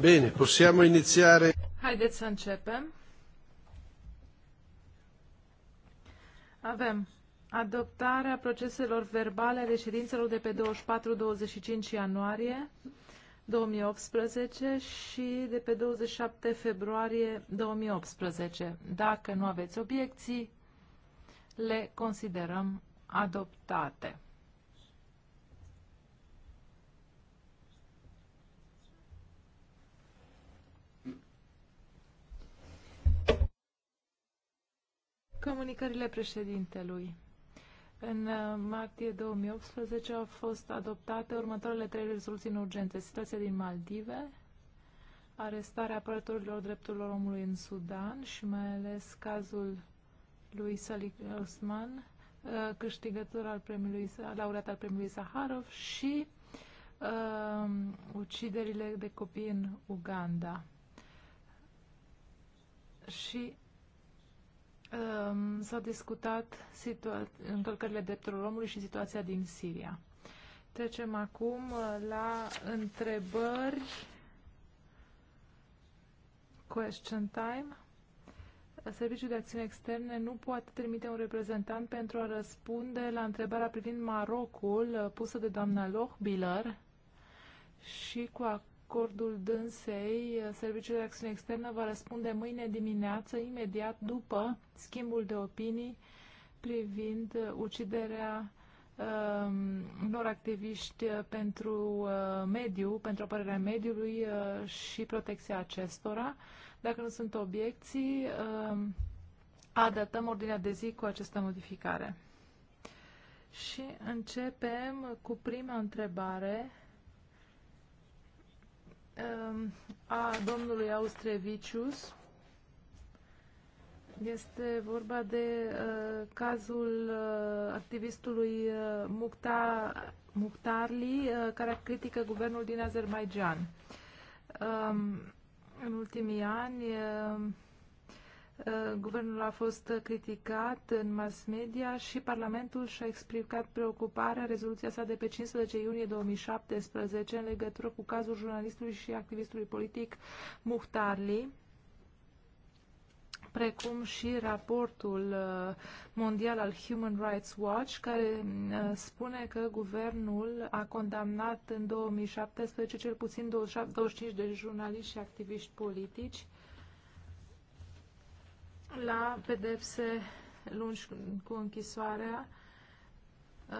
Bine, possiamo iniziare. Haideți să începem. Avem adoptarea proceselor verbale ale ședințelor de pe 24-25 ianuarie 2018 și de pe 27 februarie 2018. Dacă nu aveți obiecții, le considerăm adoptate. Comunicările președintelui. În uh, martie 2018 au fost adoptate următoarele trei rezoluții în urgență. Situația din Maldive, arestarea apărătorilor drepturilor omului în Sudan și mai ales cazul lui Salik Osman, uh, câștigător al premiului, laureat al premiului Saharov și uh, uciderile de copii în Uganda. Și um, uh, s-au discutat încălcările drepturilor omului și situația din Siria. Trecem acum uh, la întrebări. Question time. Serviciul de Acțiune Externe nu poate trimite un reprezentant pentru a răspunde la întrebarea privind Marocul uh, pusă de doamna Lochbiller și cu acordul dânsei, uh, Serviciul de Acțiune Externă va răspunde mâine dimineață, imediat după schimbul de opinii privind uh, uciderea um, unor activiști pentru uh, mediu, pentru apărarea mediului uh, și protecția acestora. Uh, dacă nu sunt obiecții, um, adaptăm ordinea de zi cu această modificare. Și începem cu prima întrebare um, a domnului Austrevicius. Este vorba de uh, cazul uh, activistului uh, uh, care critică guvernul din Azerbaijan. Um, în ultimii ani, guvernul a fost criticat în mass media și Parlamentul și-a explicat preocuparea în rezoluția sa de pe 15 iunie 2017 în legătură cu cazul jurnalistului și activistului politic Muhtarli, precum și raportul uh, mondial al Human Rights Watch, care uh, spune că guvernul a condamnat în 2017 cel puțin 25 de jurnaliști și activiști politici la pedepse lungi cu închisoarea uh,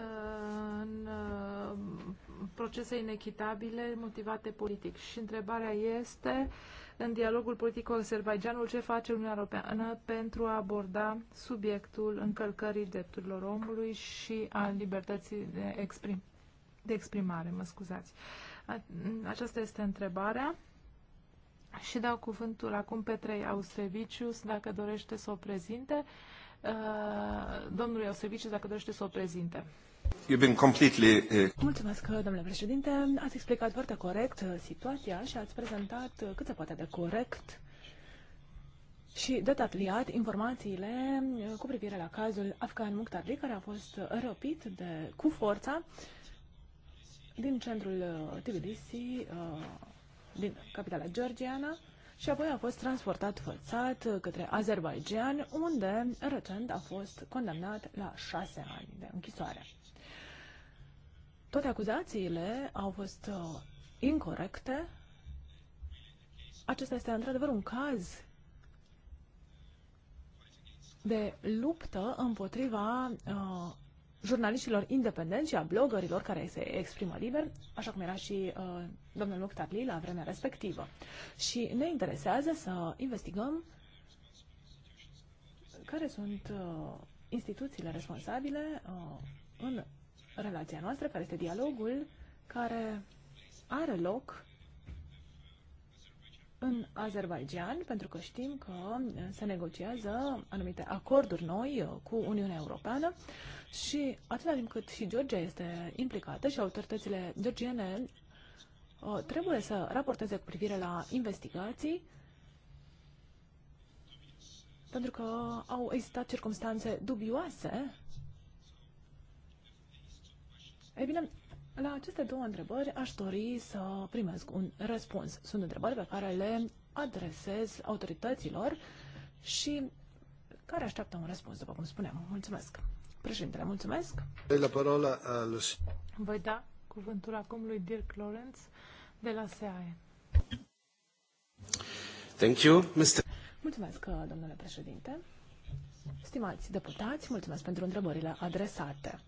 în procese inechitabile motivate politic. Și întrebarea este în dialogul politic cu Azerbaijanul ce face Uniunea Europeană pentru a aborda subiectul încălcării drepturilor omului și a libertății de, exprim de exprimare. Mă scuzați. Aceasta este întrebarea. Și dau cuvântul acum Petrei Austrevicius, dacă dorește să o prezinte. Domnului Austrevicius, dacă dorește să o prezinte. You've been completely... Uh, Mulțumesc, domnule președinte. Ați explicat foarte corect uh, situația și ați prezentat uh, cât se poate de corect și detaliat informațiile cu privire la cazul Afgan Mukhtarli, care a fost răpit de, cu forța din centrul Tbilisi, din capitala georgiană, și apoi a fost transportat forțat către Azerbaijan, unde recent a fost condamnat la șase ani de închisoare toate acuzațiile au fost uh, incorrecte. Acesta este într-adevăr un caz de luptă împotriva uh, jurnaliștilor independenți și a blogărilor care se exprimă liber, așa cum era și uh, domnul Muctarli la vremea respectivă. Și ne interesează să investigăm care sunt uh, instituțiile responsabile uh, în relația noastră, care este dialogul care are loc în Azerbaijan, pentru că știm că se negociază anumite acorduri noi uh, cu Uniunea Europeană și atâta timp cât și Georgia este implicată și autoritățile georgiene uh, trebuie să raporteze cu privire la investigații, pentru că au existat circunstanțe dubioase ei bine, la aceste două întrebări aș dori să primesc un răspuns. Sunt întrebări pe care le adresez autorităților și care așteaptă un răspuns, după cum spuneam. Mulțumesc. Președintele, mulțumesc. la parola lui. Voi da cuvântul acum lui Dirk Lawrence de la SEAE. Thank you, Mr. Mulțumesc, domnule președinte. Stimați deputați, mulțumesc pentru întrebările adresate.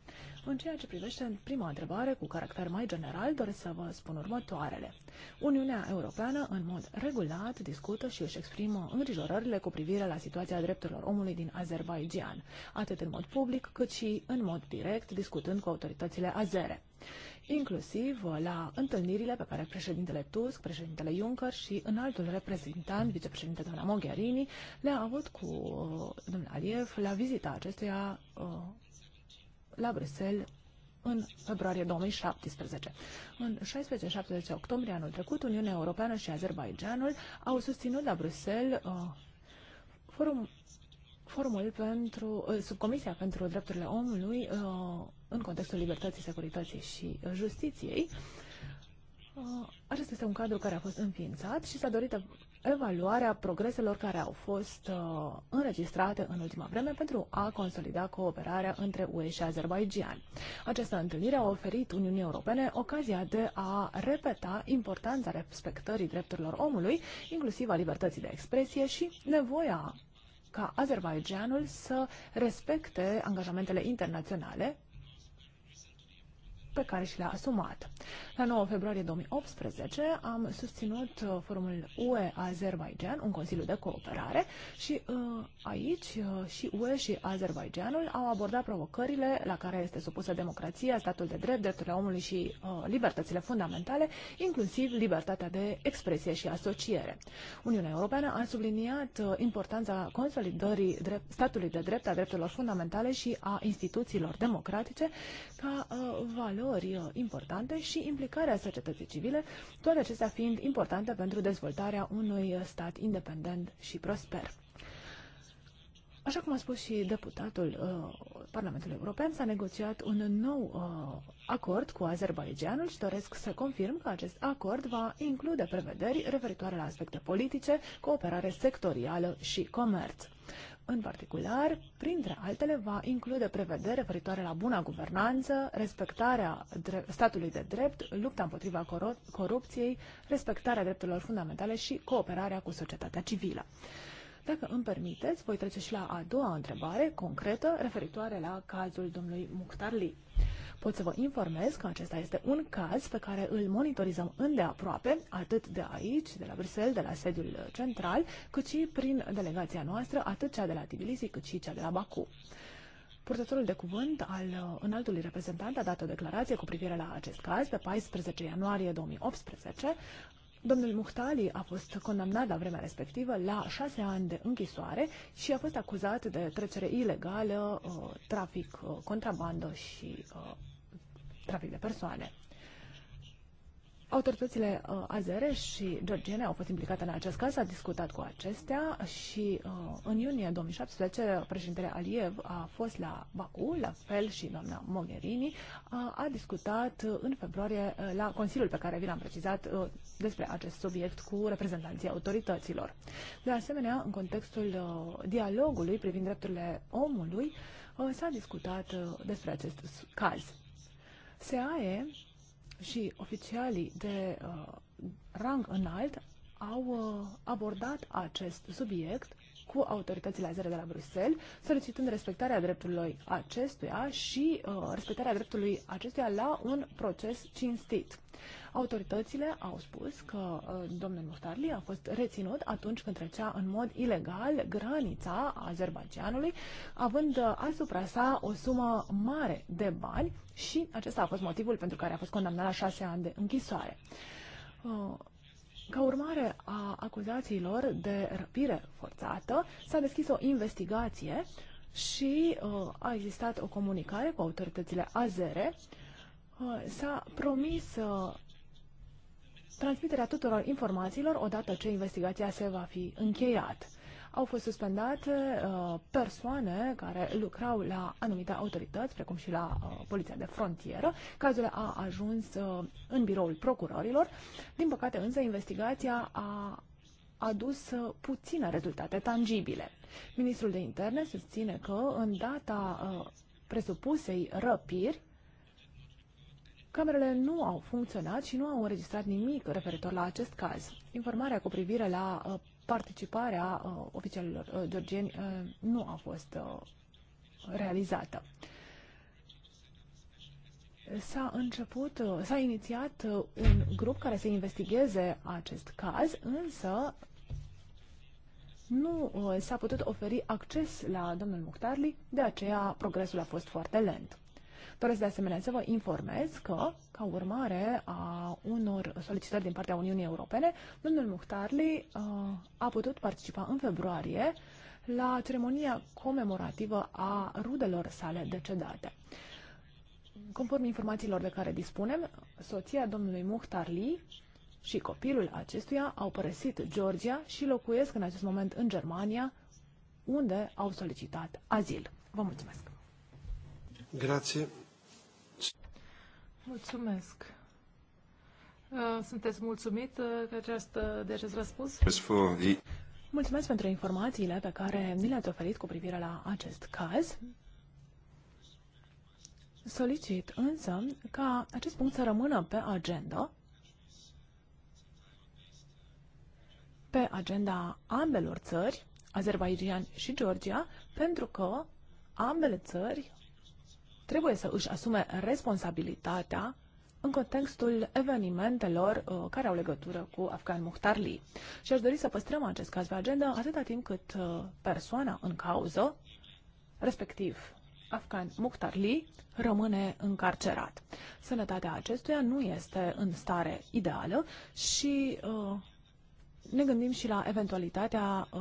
În ceea ce privește prima întrebare, cu caracter mai general, doresc să vă spun următoarele. Uniunea Europeană, în mod regulat, discută și își exprimă îngrijorările cu privire la situația drepturilor omului din Azerbaijan, atât în mod public, cât și în mod direct, discutând cu autoritățile azere inclusiv la întâlnirile pe care președintele Tusk, președintele Juncker și în altul reprezentant, vicepreședinte doamna Mogherini, le-a avut cu uh, domnul Aliev la vizita acestuia uh, la Bruxelles în februarie 2017. În 16-17 octombrie anul trecut, Uniunea Europeană și Azerbaijanul au susținut la Bruxelles uh, forum, Forumul pentru, uh, subcomisia pentru drepturile omului uh, în contextul libertății, securității și uh, justiției. Acesta este un cadru care a fost înființat și s-a dorit evaluarea progreselor care au fost înregistrate în ultima vreme pentru a consolida cooperarea între UE și Azerbaijan. Această întâlnire a oferit Uniunii Europene ocazia de a repeta importanța respectării drepturilor omului, inclusiv a libertății de expresie și nevoia ca Azerbaijanul să respecte angajamentele internaționale pe care și le-a asumat. La 9 februarie 2018 am susținut uh, forumul UE-Azerbaidjan, un consiliu de cooperare și uh, aici uh, și UE și Azerbaidjanul au abordat provocările la care este supusă democrația, statul de drept, drepturile omului și libertățile fundamentale, inclusiv libertatea de expresie și asociere. Uniunea Europeană a subliniat importanța consolidării drept, statului de drept, a drepturilor fundamentale și a instituțiilor democratice ca valori valori uh, importante și implicarea societății civile, toate acestea fiind importante pentru dezvoltarea unui uh, stat independent și prosper. Așa cum a spus și deputatul uh, Parlamentului European, s-a negociat un nou uh, acord cu Azerbaijanul și doresc să confirm că acest acord va include prevederi referitoare la aspecte politice, cooperare sectorială și comerț. În particular, printre altele, va include prevedere referitoare la buna guvernanță, respectarea statului de drept, lupta împotriva corupției, respectarea drepturilor fundamentale și cooperarea cu societatea civilă. Dacă îmi permiteți, voi trece și la a doua întrebare concretă referitoare la cazul domnului Mukhtarli. Pot să vă informez că acesta este un caz pe care îl monitorizăm îndeaproape, atât de aici, de la Bruxelles, de la sediul central, cât și prin delegația noastră, atât cea de la Tbilisi, cât și cea de la Baku. Purtătorul de cuvânt al înaltului reprezentant a dat o declarație cu privire la acest caz pe 14 ianuarie 2018. Domnul Muhtali a fost condamnat la vremea respectivă la șase ani de închisoare și a fost acuzat de trecere ilegală, uh, trafic, uh, contrabandă și uh, trafic de persoane. Autoritățile uh, azere și georgiene au fost implicate în acest caz, s-a discutat cu acestea și uh, în iunie 2017 președintele Aliev a fost la Baku, la fel și doamna Mogherini uh, a discutat uh, în februarie uh, la Consiliul pe care vi l-am precizat uh, despre acest subiect cu reprezentanții autorităților. De asemenea, în contextul uh, dialogului privind drepturile omului, uh, s-a discutat uh, despre acest caz. SAE și oficialii de uh, rang înalt au uh, abordat acest subiect cu autoritățile azere de la Bruxelles, solicitând respectarea dreptului acestuia și uh, respectarea dreptului acestuia la un proces cinstit. Autoritățile au spus că uh, domnul Muhtarli a fost reținut atunci când trecea în mod ilegal granița Azerbaidjanului, având uh, asupra sa o sumă mare de bani și acesta a fost motivul pentru care a fost condamnat la șase ani de închisoare. Uh, ca urmare a acuzațiilor de răpire forțată, s-a deschis o investigație și uh, a existat o comunicare cu autoritățile azere. Uh, s-a promis uh, transmiterea tuturor informațiilor odată ce investigația se va fi încheiat. Au fost suspendate uh, persoane care lucrau la anumite autorități, precum și la uh, Poliția de Frontieră. Cazul a ajuns uh, în biroul procurorilor. Din păcate, însă, investigația a adus uh, puține rezultate tangibile. Ministrul de Interne susține că în data uh, presupusei răpiri, Camerele nu au funcționat și nu au înregistrat nimic referitor la acest caz. Informarea cu privire la uh, participarea uh, oficialilor uh, georgieni nu a fost realizată. S-a început, s-a inițiat un grup care să investigheze acest caz, însă nu s-a putut oferi acces la domnul Muhtarli, de aceea progresul a fost foarte lent. Doresc de asemenea să vă informez că, ca urmare a unor solicitări din partea Uniunii Europene, domnul Muhtarli uh, a putut participa în februarie la ceremonia comemorativă a rudelor sale decedate. Conform informațiilor de care dispunem, soția domnului Muhtarli și copilul acestuia au părăsit Georgia și locuiesc în acest moment în Germania, unde au solicitat azil. Vă mulțumesc! Grazie. Mulțumesc. Uh, sunteți mulțumit că uh, această, uh, de acest răspuns? Mulțumesc pentru informațiile pe care ni le-ați oferit cu privire la acest caz. Solicit însă ca acest punct să rămână pe agenda, pe agenda ambelor țări, Azerbaijan și Georgia, pentru că ambele țări trebuie să își asume responsabilitatea în contextul evenimentelor uh, care au legătură cu Afgan Lee. Și aș dori să păstrăm acest caz pe agenda atâta timp cât uh, persoana în cauză, respectiv Afgan Lee, rămâne încarcerat. Sănătatea acestuia nu este în stare ideală și uh, ne gândim și la eventualitatea uh,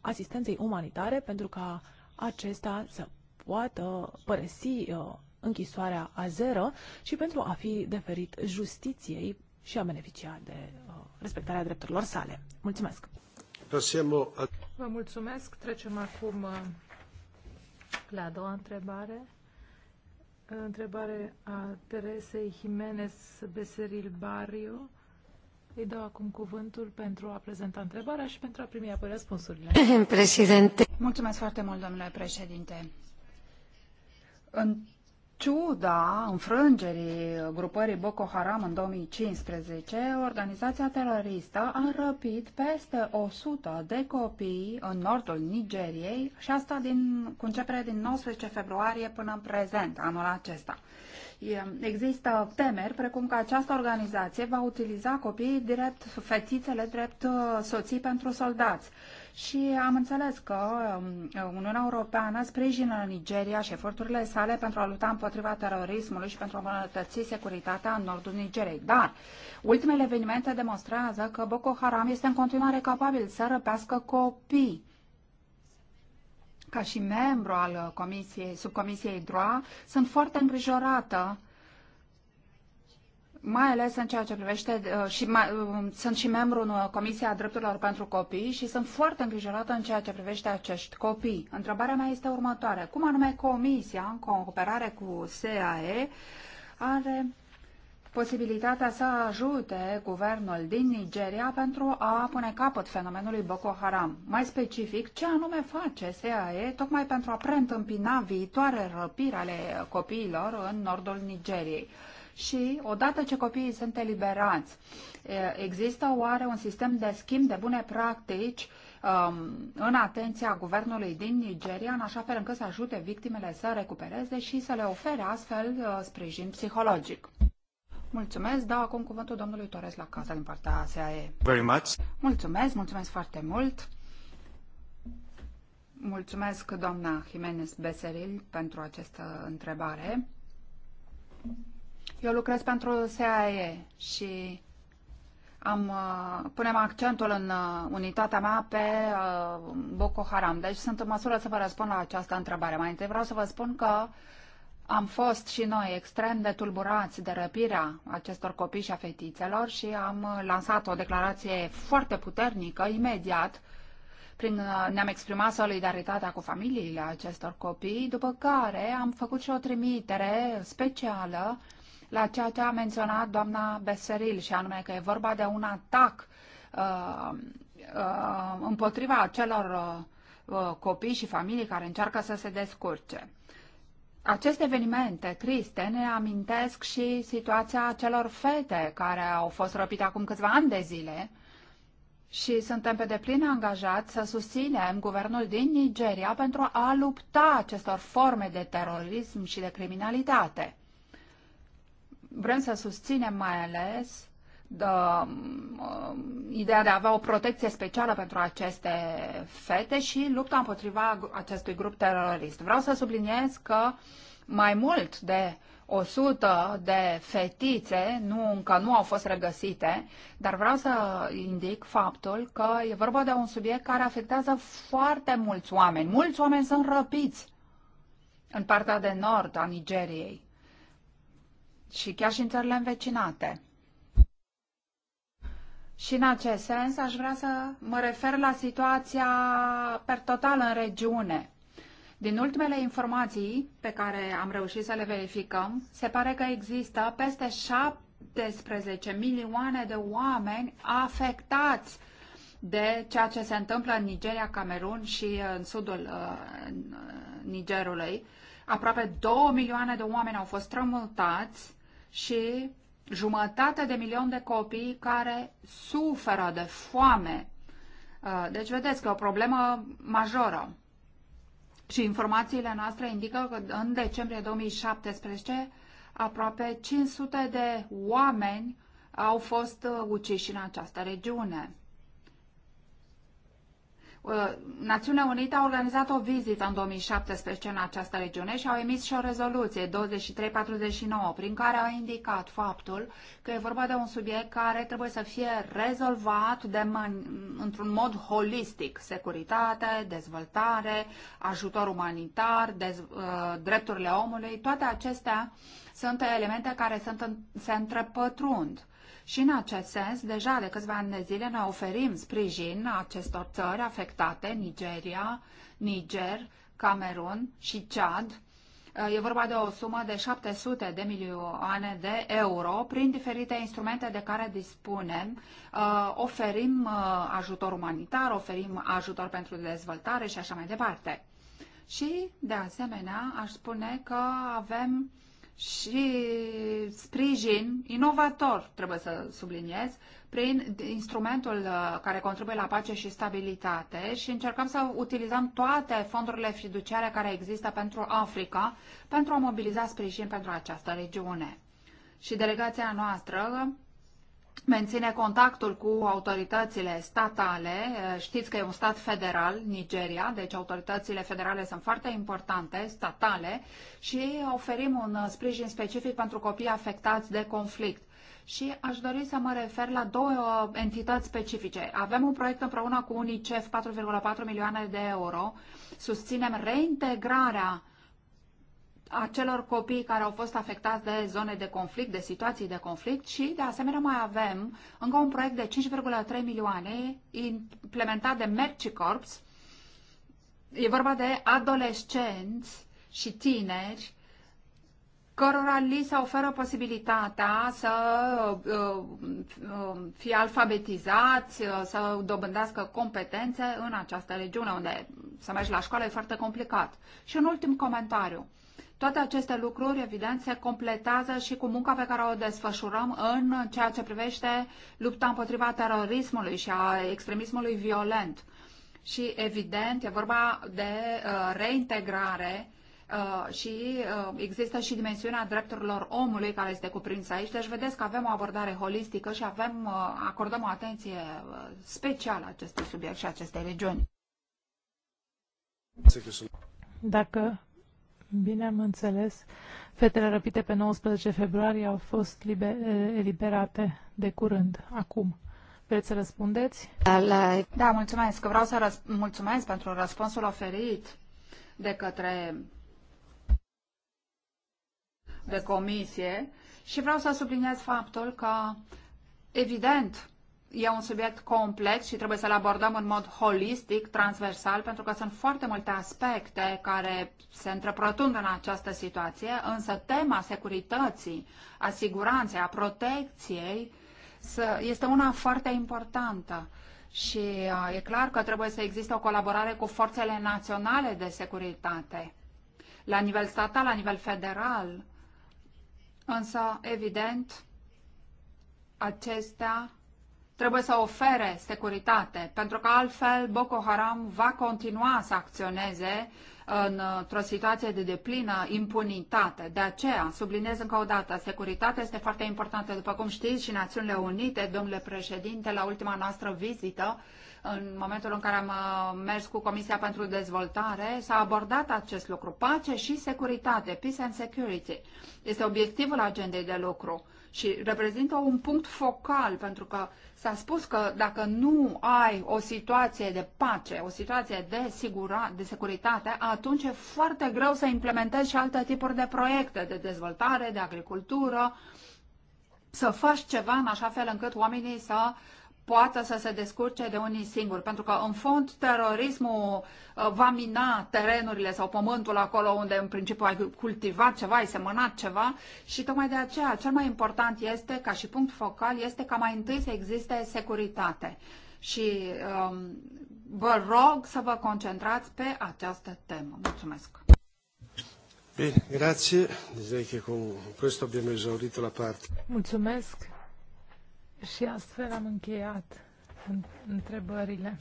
asistenței umanitare pentru ca acesta să poată părăsi uh, închisoarea zero și pentru a fi deferit justiției și a beneficia de uh, respectarea drepturilor sale. Mulțumesc! Vă mulțumesc! Trecem acum uh, la a doua întrebare. Întrebare a Teresei Jimenez Beseril Barrio. Îi dau acum cuvântul pentru a prezenta întrebarea și pentru a primi apoi răspunsurile. Președinte. Mulțumesc foarte mult, domnule președinte. În ciuda înfrângerii grupării Boko Haram în 2015, organizația teroristă a răpit peste 100 de copii în nordul Nigeriei și asta din, cu începere din 19 februarie până în prezent, anul acesta. Există temeri precum că această organizație va utiliza copiii drept, fetițele drept uh, soții pentru soldați și am înțeles că um, Uniunea Europeană sprijină Nigeria și eforturile sale pentru a lupta împotriva terorismului și pentru a îmbunătăți securitatea în nordul Nigeriei. Dar ultimele evenimente demonstrează că Boko Haram este în continuare capabil să răpească copii ca și membru al comisiei, subcomisiei DROA, sunt foarte îngrijorată mai ales în ceea ce privește uh, și mai, um, sunt și membru în uh, Comisia Drepturilor pentru Copii și sunt foarte îngrijorată în ceea ce privește acești copii. Întrebarea mea este următoare. Cum anume Comisia, în cooperare cu SAE, are posibilitatea să ajute guvernul din Nigeria pentru a pune capăt fenomenului Boko Haram. Mai specific, ce anume face SAE tocmai pentru a preîntâmpina viitoare răpiri ale copiilor în nordul Nigeriei? și odată ce copiii sunt eliberați, există oare un sistem de schimb de bune practici um, în atenția guvernului din Nigeria, în așa fel încât să ajute victimele să recupereze și să le ofere astfel uh, sprijin psihologic. Mulțumesc, dau acum cuvântul domnului Torres la casa din partea SAE. Very much. Mulțumesc, mulțumesc foarte mult. Mulțumesc, doamna Jimenez Beseril, pentru această întrebare. Eu lucrez pentru SAE și am, uh, punem accentul în uh, unitatea mea pe uh, Boko Haram. Deci sunt în măsură să vă răspund la această întrebare. Mai întâi vreau să vă spun că am fost și noi extrem de tulburați de răpirea acestor copii și a fetițelor și am lansat o declarație foarte puternică imediat prin, ne-am exprimat solidaritatea cu familiile acestor copii, după care am făcut și o trimitere specială uh, la ceea ce a menționat doamna Beseril, și anume că e vorba de un atac uh, uh, împotriva acelor uh, uh, copii și familii care încearcă să se descurce. Aceste evenimente triste ne amintesc și situația acelor fete care au fost răpite acum câțiva ani de zile și suntem pe deplin angajați să susținem guvernul din Nigeria pentru a lupta acestor forme de terorism și de criminalitate. Vrem să susținem mai ales de, uh, um, ideea de a avea o protecție specială pentru aceste fete și lupta împotriva acestui grup terorist. Vreau să subliniez că mai mult de 100 de fetițe nu, încă nu au fost regăsite, dar vreau să indic faptul că e vorba de un subiect care afectează foarte mulți oameni. Mulți oameni sunt răpiți în partea de nord a Nigeriei și chiar și în țările învecinate. Și în acest sens aș vrea să mă refer la situația per total în regiune. Din ultimele informații pe care am reușit să le verificăm, se pare că există peste 17 milioane de oameni afectați de ceea ce se întâmplă în Nigeria, Camerun și uh, în sudul uh, uh Nigerului. Aproape 2 milioane de oameni au fost strămutați și jumătate de milion de copii care suferă de foame. Uh, deci vedeți că e o problemă majoră. Și informațiile noastre indică că în decembrie 2017 aproape 500 de oameni au fost uh, uciși în această regiune. Uh, Națiunea Unită a organizat o vizită în 2017 în această regiune și au emis și o rezoluție 2349 prin care au indicat faptul că e vorba de un subiect care trebuie să fie rezolvat de într-un mod holistic. Securitate, dezvoltare, ajutor umanitar, dez, uh, drepturile omului, toate acestea sunt elemente care sunt în, se întrepătrund și în acest sens, deja de câțiva ani de zile, ne oferim sprijin acestor țări afectate, Nigeria, Niger, Camerun și Chad. E vorba de o sumă de 700 de milioane de euro prin diferite instrumente de care dispunem. Uh, oferim uh, ajutor umanitar, oferim ajutor pentru dezvoltare și așa mai departe. Și, de asemenea, aș spune că avem uh, și sprijin inovator, trebuie să subliniez, prin instrumentul uh, care contribuie la pace și stabilitate și încercăm să utilizăm toate fondurile fiduciare care există pentru Africa pentru a mobiliza sprijin pentru această regiune. Și delegația noastră menține contactul cu autoritățile statale. Știți că e un stat federal, Nigeria, deci autoritățile federale sunt foarte importante, statale, și oferim un sprijin specific pentru copii afectați de conflict. Și aș dori să mă refer la două entități specifice. Avem un proiect împreună cu UNICEF, 4,4 milioane de euro. Susținem reintegrarea uh, acelor copii care au fost afectați de zone de conflict, de situații de conflict și, de asemenea, mai avem încă un proiect de 5,3 milioane implementat de Mercicorps. E vorba de adolescenți și tineri cărora li se oferă posibilitatea să uh, uh, fie alfabetizați, uh, să dobândească competențe în această regiune, unde să mergi la școală e foarte complicat. Și un ultim comentariu. Toate aceste lucruri, evident, se completează și cu munca pe care o desfășurăm în ceea ce privește lupta împotriva terorismului și a extremismului violent. Și, evident, e vorba de uh, reintegrare Uh, și uh, există și dimensiunea drepturilor omului care este cuprinsă aici. Deci vedeți că avem o abordare holistică și avem, uh, acordăm o atenție uh, specială acestui subiect și acestei regiuni. Dacă Bine am înțeles. Fetele răpite pe 19 februarie au fost liber, eliberate de curând, acum. Vreți să răspundeți? Da, mulțumesc. Vreau să răsp- mulțumesc pentru răspunsul oferit de către de comisie și vreau să subliniez faptul că, evident, e un subiect complex și trebuie să-l abordăm în mod holistic, transversal, pentru că sunt foarte multe aspecte care se întrepătrund în această situație, însă tema securității, a siguranței, a protecției este una foarte importantă. Și uh, e clar că trebuie să existe o colaborare cu forțele naționale de securitate, la nivel statal, la nivel federal. Însă, evident, acestea trebuie să ofere securitate, pentru că altfel Boko Haram va continua să acționeze într-o situație de deplină impunitate. De aceea, subliniez încă o dată, securitatea este foarte importantă. După cum știți, și Națiunile Unite, domnule președinte, la ultima noastră vizită, în momentul în care am uh, mers cu Comisia pentru Dezvoltare, s-a abordat acest lucru. Pace și securitate, peace and security, este obiectivul agendei de lucru și reprezintă un punct focal, pentru că s-a spus că dacă nu ai o situație de pace, o situație de, sigura, de securitate, atunci e foarte greu să implementezi și alte tipuri de proiecte de dezvoltare, de agricultură, să faci ceva în așa fel încât oamenii să poată să se descurce de unii singuri, pentru că în fond terorismul uh, va mina terenurile sau pământul acolo unde în principiu ai cultivat ceva, ai semănat ceva și tocmai de aceea cel mai important este, ca și punct focal, este ca mai întâi să existe securitate. Și um, vă rog să vă concentrați pe această temă. Mulțumesc! Bine, grazie. Direi deci, că cu questo abbiamo esaurito la parte. Mulțumesc. Și astfel am încheiat întrebările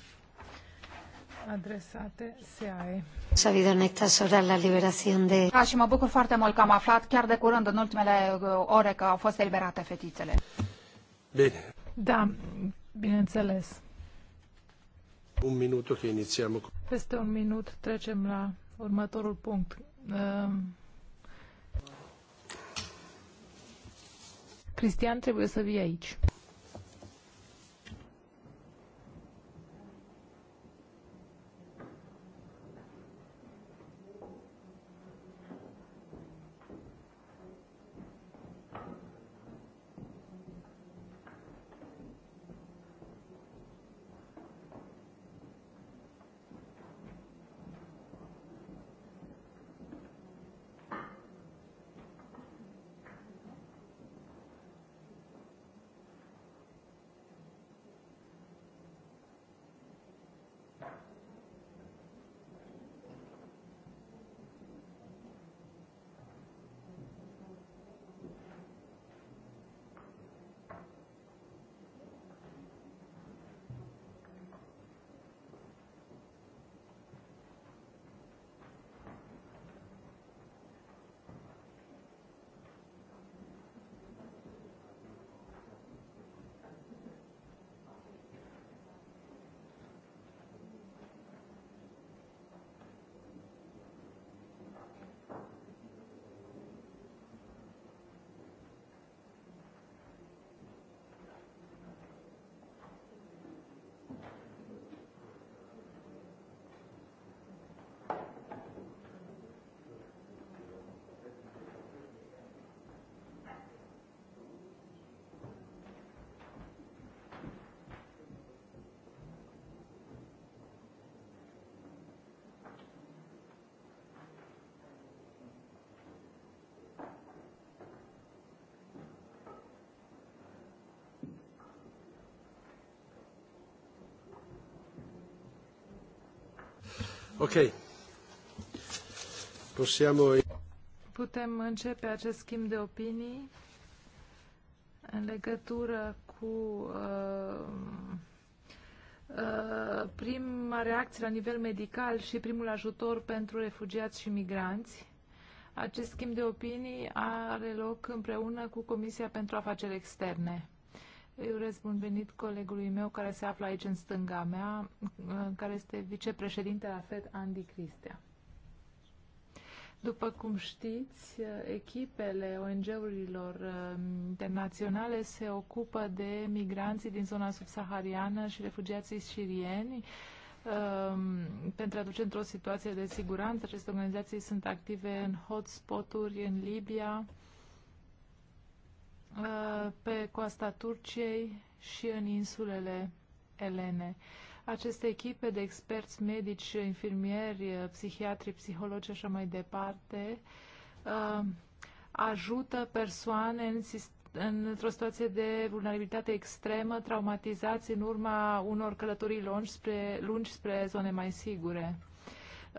adresate SEAE. S-a habido en la liberación de... Da, și mă bucur foarte mult că am aflat chiar de curând, în ultimele uh, ore, că au fost eliberate fetițele. Bine. Da, bineînțeles. Un minut, ok, inițiam. Peste un minut trecem la următorul punct. Uh... Cristian trebuie să vii aici. Ok. Possiamo... Putem începe acest schimb de opinii în legătură cu uh, uh, prima reacție la nivel medical și primul ajutor pentru refugiați și migranți. Acest schimb de opinii are loc împreună cu Comisia pentru Afaceri Externe. Îi urez bun venit colegului meu care se află aici în stânga mea, uh, care este vicepreședinte la FED, Andy Cristea. După cum știți, uh, echipele ONG-urilor uh, internaționale se ocupă de migranții din zona subsahariană și refugiații sirieni um, pentru a duce într-o situație de siguranță. Aceste organizații sunt active în hotspot-uri în Libia, Uh, pe coasta Turciei și în insulele Elene. Aceste echipe de experți medici, infirmieri, uh, psihiatri, psihologi și așa mai departe uh, ajută persoane în sistem într-o situație de vulnerabilitate extremă, traumatizați în urma unor călătorii lungi spre, lungi spre zone mai sigure.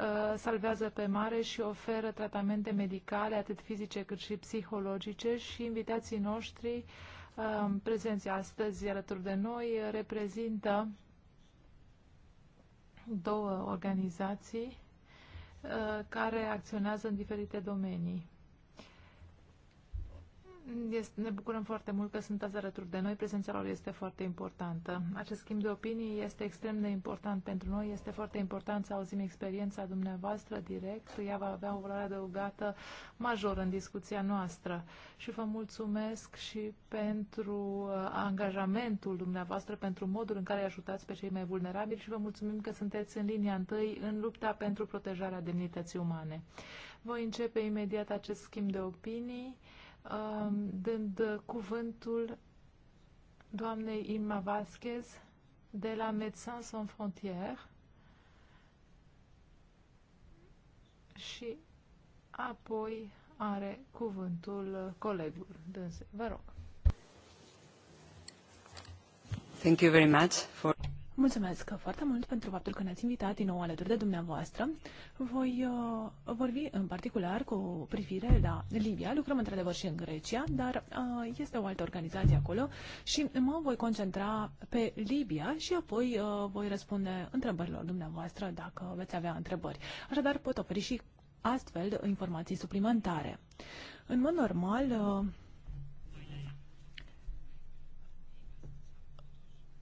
Uh, salvează pe mare și oferă tratamente medicale, atât fizice cât și psihologice și invitații noștri uh, prezenți astăzi alături de noi reprezintă două organizații uh, care acționează în diferite domenii. Este, ne bucurăm foarte mult că sunt azi alături de noi. Prezența lor este foarte importantă. Acest schimb de opinii este extrem de important pentru noi. Este foarte important să auzim experiența dumneavoastră direct. Ea va avea o valoare adăugată majoră în discuția noastră. Și vă mulțumesc și pentru uh, angajamentul dumneavoastră, pentru modul în care îi ajutați pe cei mai vulnerabili și vă mulțumim că sunteți în linia întâi în lupta pentru protejarea demnității umane. Voi începe imediat acest schimb de opinii dând uh, cuvântul doamnei Irma Vasquez de la Médecins Sans Frontières și apoi are cuvântul uh, colegul dânse. Vă rog. Thank you very much for Mulțumesc foarte mult pentru faptul că ne-ați invitat din nou alături de dumneavoastră. Voi uh, vorbi în particular cu privire la Libia. Lucrăm într-adevăr și în Grecia, dar uh, este o altă organizație acolo și mă voi concentra pe Libia și apoi uh, voi răspunde întrebărilor dumneavoastră dacă veți avea întrebări. Așadar, pot oferi și astfel informații suplimentare. În mod normal, uh,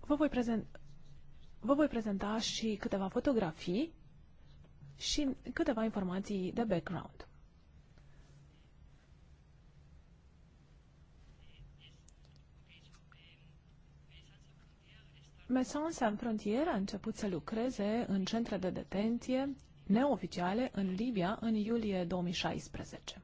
vă voi prezenta Vă voi prezenta și câteva fotografii și câteva informații de background. Maison Saint Frontier a început să lucreze în centre de detenție neoficiale în Libia în iulie 2016.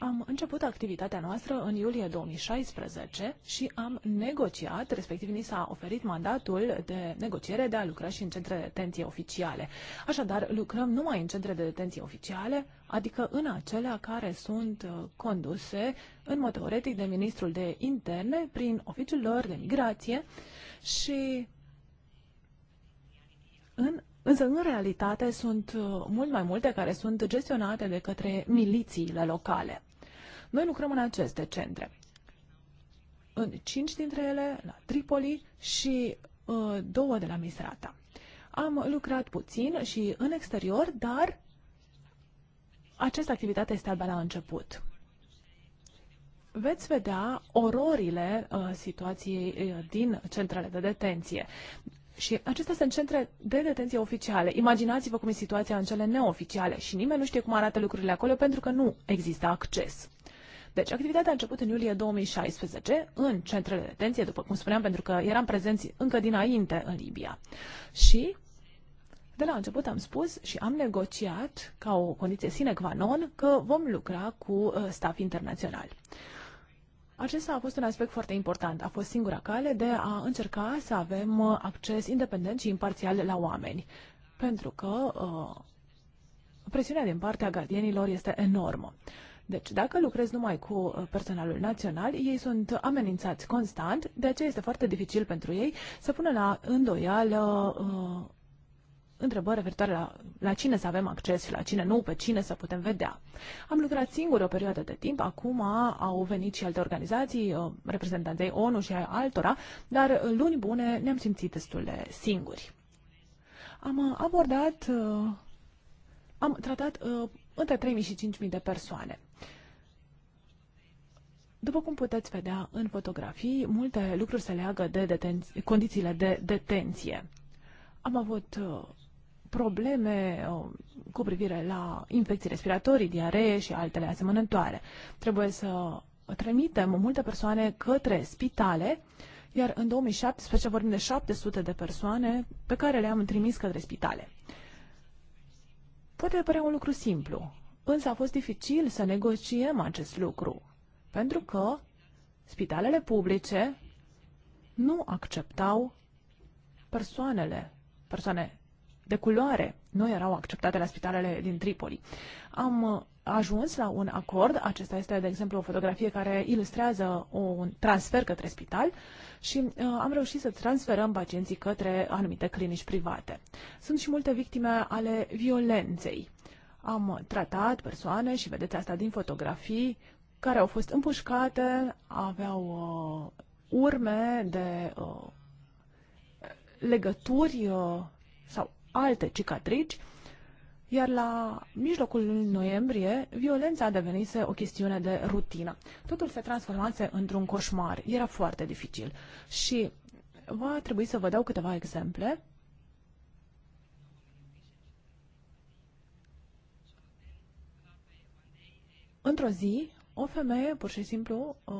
Am început activitatea noastră în iulie 2016 și am negociat, respectiv ni s-a oferit mandatul de negociere de a lucra și în centre de detenție oficiale. Așadar, lucrăm numai în centre de detenție oficiale, adică în acelea care sunt uh, conduse în mod teoretic de ministrul de interne prin oficiul lor de migrație și în Însă, în realitate, sunt uh, mult mai multe care sunt gestionate de către milițiile locale. Noi lucrăm în aceste centre. În cinci dintre ele, la Tripoli și uh, două de la Misrata. Am lucrat puțin și în exterior, dar această activitate este abia la început veți vedea ororile uh, situației uh, din centrele de detenție. Și acestea sunt centre de detenție oficiale. Imaginați-vă cum e situația în cele neoficiale și nimeni nu știe cum arată lucrurile acolo pentru că nu există acces. Deci, activitatea a început în iulie 2016 în centrele de detenție, după cum spuneam, pentru că eram prezenți încă dinainte în Libia. Și de la început am spus și am negociat ca o condiție sine qua non că vom lucra cu uh, staff internațional. Acesta a fost un aspect foarte important. A fost singura cale de a încerca să avem uh, acces independent și imparțial la oameni. Pentru că uh, presiunea din partea gardienilor este enormă. Uh, deci, dacă lucrezi numai cu uh, personalul național, ei sunt amenințați constant, de aceea este foarte dificil pentru ei să pună la îndoială uh, întrebări referitoare la, la cine să avem acces și la cine nu, pe cine să putem vedea. Am lucrat singur o perioadă de timp, acum au venit și alte organizații, uh, reprezentanței ONU și altora, dar uh, luni bune ne-am simțit destul de singuri. Am abordat, am tratat între 3.000 și 5.000 de persoane. După cum puteți vedea în fotografii, multe lucruri se leagă de condițiile de detenție. Am avut uh, probleme uh, cu privire la infecții respiratorii, diaree și altele asemănătoare. Trebuie să trimitem multe persoane către spitale, iar în 2017 vorbim de 700 de persoane pe care le-am trimis către spitale. Poate părea un lucru simplu, însă a fost dificil să negociem acest lucru pentru că spitalele publice nu acceptau persoanele, persoane de culoare. Nu erau acceptate la spitalele din Tripoli. Am uh, ajuns la un acord, acesta este, de exemplu, o fotografie care ilustrează un transfer către spital și uh, am reușit să transferăm pacienții către anumite clinici private. Sunt și multe victime ale violenței. Am tratat persoane, și vedeți asta din fotografii, care au fost împușcate, aveau uh, urme de uh, legături uh, sau alte cicatrici, iar la mijlocul noiembrie, violența a devenise o chestiune de rutină. Totul se transformase într-un coșmar. Era foarte dificil. Și va trebui să vă dau câteva exemple. Într-o zi, o femeie, pur și simplu, uh,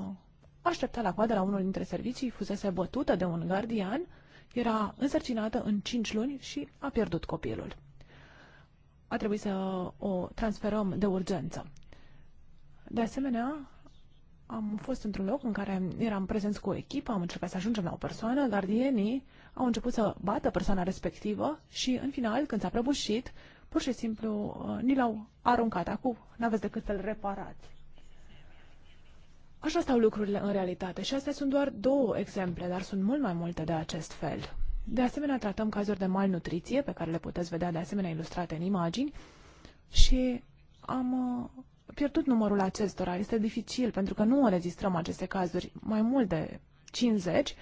aștepta la coadă la unul dintre servicii, fusese bătută de un gardian, era însărcinată în 5 luni și a pierdut copilul. A trebuit să o transferăm de urgență. De asemenea, am fost într-un loc în care eram prezenți cu o echipă, am încercat să ajungem la o persoană, gardienii au început să bată persoana respectivă și, în final, când s-a prăbușit, pur și simplu uh, ni l-au aruncat. Acum n-aveți decât să-l reparați. Așa stau lucrurile în realitate și astea sunt doar două exemple, dar sunt mult mai multe de acest fel. De asemenea, tratăm cazuri de malnutriție, pe care le puteți vedea de asemenea ilustrate în imagini, și am uh, pierdut numărul acestora. Este dificil, pentru că nu înregistrăm aceste cazuri mai mult de 50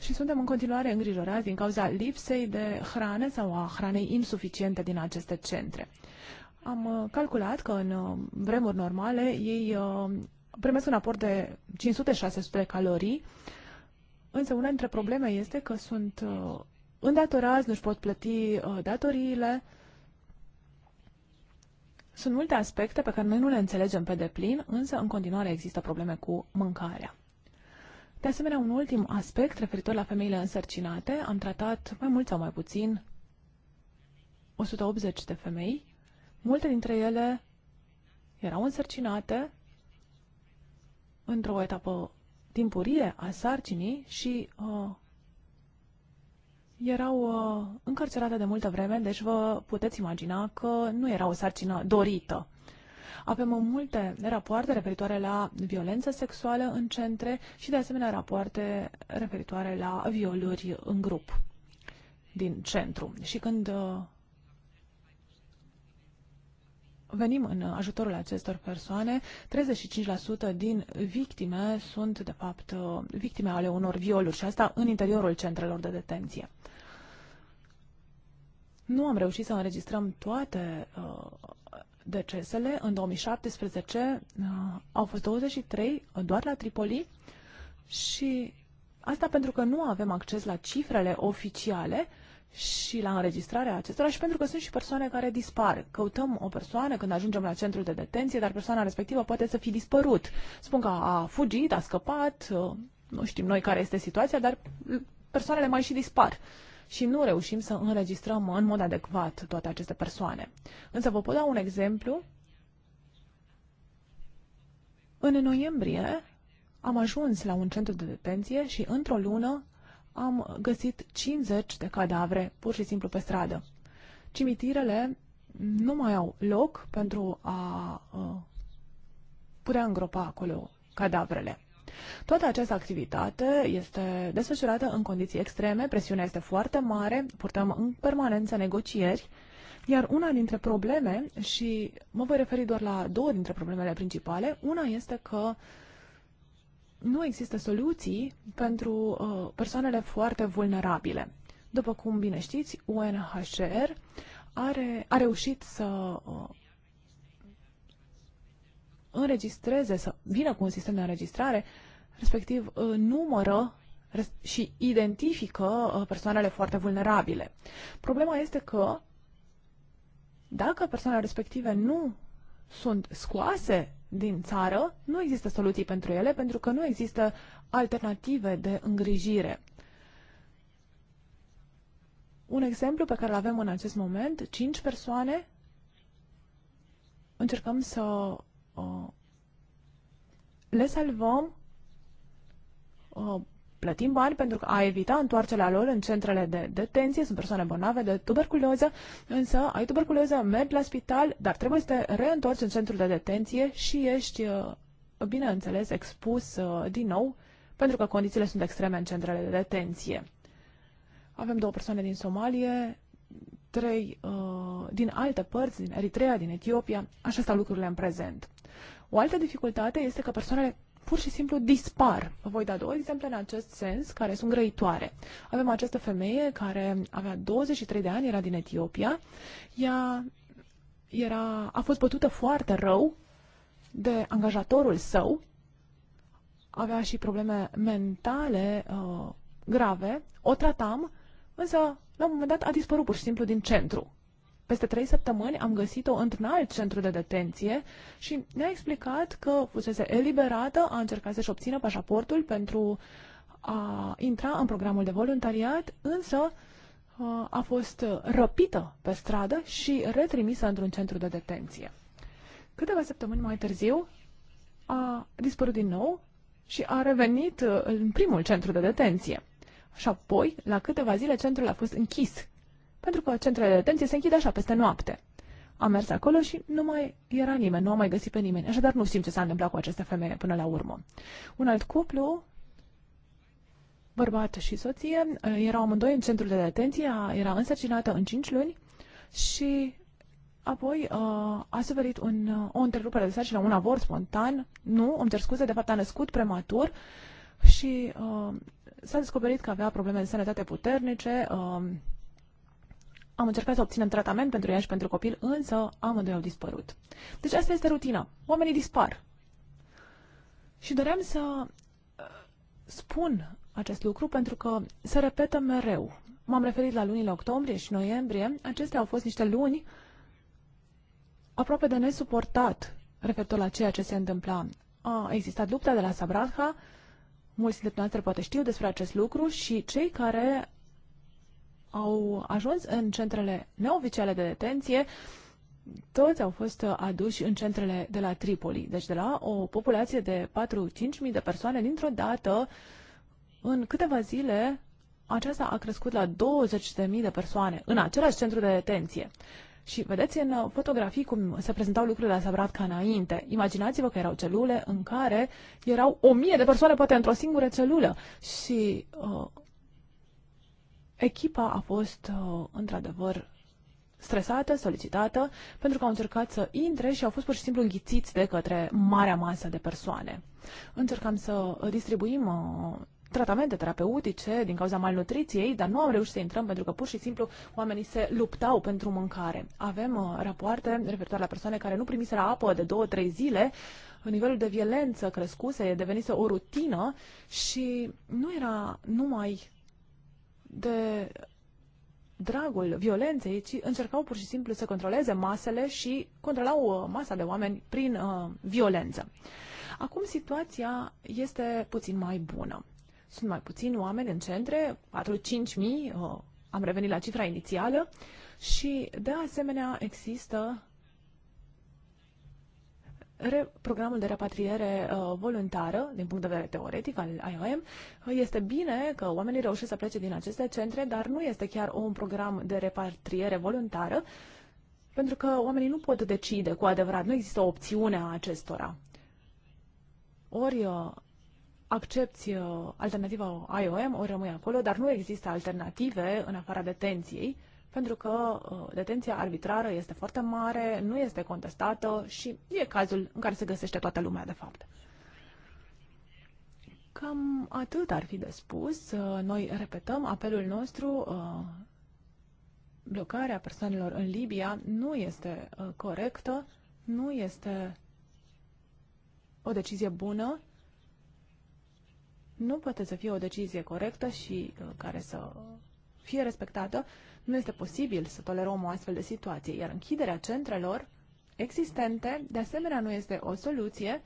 și suntem în continuare îngrijorați din cauza lipsei de hrane sau a hranei insuficiente din aceste centre. Am uh, calculat că în uh, vremuri normale ei primesc un aport de 500-600 calorii, însă una dintre probleme este că sunt uh, îndatorați, nu-și pot plăti uh, datoriile. Sunt multe aspecte pe care noi nu le înțelegem pe deplin, însă în continuare există probleme cu mâncarea. De asemenea, un ultim aspect referitor la femeile însărcinate, am tratat mai mult sau mai puțin 180 de femei, multe dintre ele erau însărcinate într-o etapă timpurie a sarcinii și uh, erau uh, încarcerate de multă vreme, deci vă puteți imagina că nu era o sarcină dorită. Avem multe rapoarte referitoare la violență sexuală în centre și de asemenea rapoarte referitoare la violuri în grup din centru. Și când uh, venim în ajutorul acestor persoane. 35% din victime sunt, de fapt, victime ale unor violuri și asta în interiorul centrelor de detenție. Nu am reușit să înregistrăm toate uh, decesele. În 2017 uh, au fost 23 doar la Tripoli și asta pentru că nu avem acces la cifrele oficiale uh, și la înregistrarea acestora și pentru că sunt și persoane care dispar. Căutăm o persoană când ajungem la centrul de detenție, dar persoana respectivă poate să fi dispărut. Spun că a fugit, a scăpat, ă, nu știm noi care este situația, dar persoanele mai și dispar și nu reușim să înregistrăm în mod adecvat toate aceste persoane. Însă vă pot da un exemplu. În noiembrie am ajuns la un centru de detenție și într-o lună am găsit 50 de cadavre pur și simplu pe stradă. Cimitirele nu mai au loc pentru a uh, putea îngropa acolo cadavrele. Toată această activitate este desfășurată în condiții extreme, presiunea este foarte mare, purtăm în permanență negocieri, iar una dintre probleme, și mă voi referi doar la două dintre problemele principale, una este că uh, nu există soluții pentru uh, persoanele foarte vulnerabile. După cum bine știți, UNHCR are, a reușit să uh, înregistreze, să vină cu un sistem de înregistrare, respectiv uh, numără și identifică uh, persoanele foarte vulnerabile. Problema este că dacă persoanele respective nu sunt scoase din țară, nu există soluții pentru ele pentru că nu există alternative de îngrijire. Un exemplu pe care îl avem în acest moment, cinci persoane, încercăm să uh, le salvăm uh, plătim bani pentru a evita întoarcerea lor în centrele de detenție. Sunt persoane bolnave de tuberculoză, însă ai tuberculoză, mergi la spital, dar trebuie să te reîntorci în centrul de detenție și ești, uh, bineînțeles, expus uh, din nou pentru că condițiile sunt extreme în centrele de detenție. Avem două persoane din Somalie, trei uh, din alte părți, din Eritrea, din Etiopia. Așa stau lucrurile în prezent. O altă dificultate este că persoanele pur și simplu dispar. Voi da două exemple în acest sens, care sunt grăitoare. Avem această femeie care avea 23 de ani, era din Etiopia. Ea era, a fost bătută foarte rău de angajatorul său. Avea și probleme mentale uh, grave. O tratam, însă la un moment dat a dispărut pur și simplu din centru peste trei săptămâni am găsit-o într-un alt centru de detenție și ne-a explicat că fusese eliberată, a încercat să-și obțină pașaportul pentru a intra în programul de voluntariat, însă uh, a fost răpită pe stradă și retrimisă într-un centru de detenție. Câteva săptămâni mai târziu a dispărut din nou și a revenit uh, în primul centru de detenție. Și apoi, la câteva zile, centrul a fost închis pentru că centrele de detenție se închide așa peste noapte. Am mers acolo și nu mai era nimeni, nu am mai găsit pe nimeni. Așadar nu știm ce s-a întâmplat cu această femeie până la urmă. Un alt cuplu, bărbat și soție, eh, erau amândoi în centrul de detenție, era însărcinată în 5 luni și apoi eh, a suferit un, o întrerupere de sarcină, un avort spontan. Nu, îmi cer scuze, de fapt a născut prematur și eh, s-a descoperit că avea probleme de sănătate puternice, am încercat să obținem tratament pentru ea și pentru copil, însă amândoi au dispărut. Deci asta este rutina. Oamenii dispar. Și doream să uh, spun acest lucru pentru că se repetă mereu. M-am referit la lunile octombrie și noiembrie. Acestea au fost niște luni aproape de nesuportat referitor la ceea ce se întâmpla. A existat lupta de la Sabratha, mulți dintre noastre poate știu despre acest lucru și cei care au ajuns în centrele neoficiale de detenție, toți au fost aduși în centrele de la Tripoli. Deci de la o populație de 4-5 mii de persoane, dintr-o dată, în câteva zile, aceasta a crescut la 20 de mii de persoane în același centru de detenție. Și vedeți în fotografii cum se prezentau lucrurile la Sabrat ca înainte. Imaginați-vă că erau celule în care erau o mie de persoane, poate într-o singură celulă. Și uh, echipa a fost uh, într-adevăr stresată, solicitată, pentru că au încercat să intre și au fost pur și simplu înghițiți de către marea masă de persoane. Încercam să distribuim uh, tratamente terapeutice din cauza malnutriției, dar nu am reușit să intrăm pentru că pur și simplu oamenii se luptau pentru mâncare. Avem uh, rapoarte referitoare la persoane care nu primiseră apă de două, trei zile, nivelul de violență crescuse, devenise o rutină și nu era numai de dragul violenței, ci încercau pur și simplu să controleze masele și controlau uh, masa de oameni prin uh, violență. Acum situația este puțin mai bună. Sunt mai puțini oameni în centre, 4 5000 mii, uh, am revenit la cifra inițială, și de asemenea există Re, programul de repatriere uh, voluntară, din punct de vedere teoretic al IOM, este bine că oamenii reușesc să plece din aceste centre, dar nu este chiar un program de repatriere voluntară, pentru că oamenii nu pot decide cu adevărat, nu există opțiunea acestora. Ori uh, accepti uh, alternativa IOM, ori rămâi acolo, dar nu există alternative în afara detenției pentru că uh, detenția arbitrară este foarte mare, nu este contestată și e cazul în care se găsește toată lumea, de fapt. Cam atât ar fi de spus. Uh, noi repetăm apelul nostru. Uh, blocarea persoanelor în Libia nu este corectă, nu este o decizie bună, nu poate să fie o decizie corectă și care să fie respectată nu este posibil să tolerăm o astfel de situație, iar închiderea centrelor existente, de asemenea, nu este o soluție.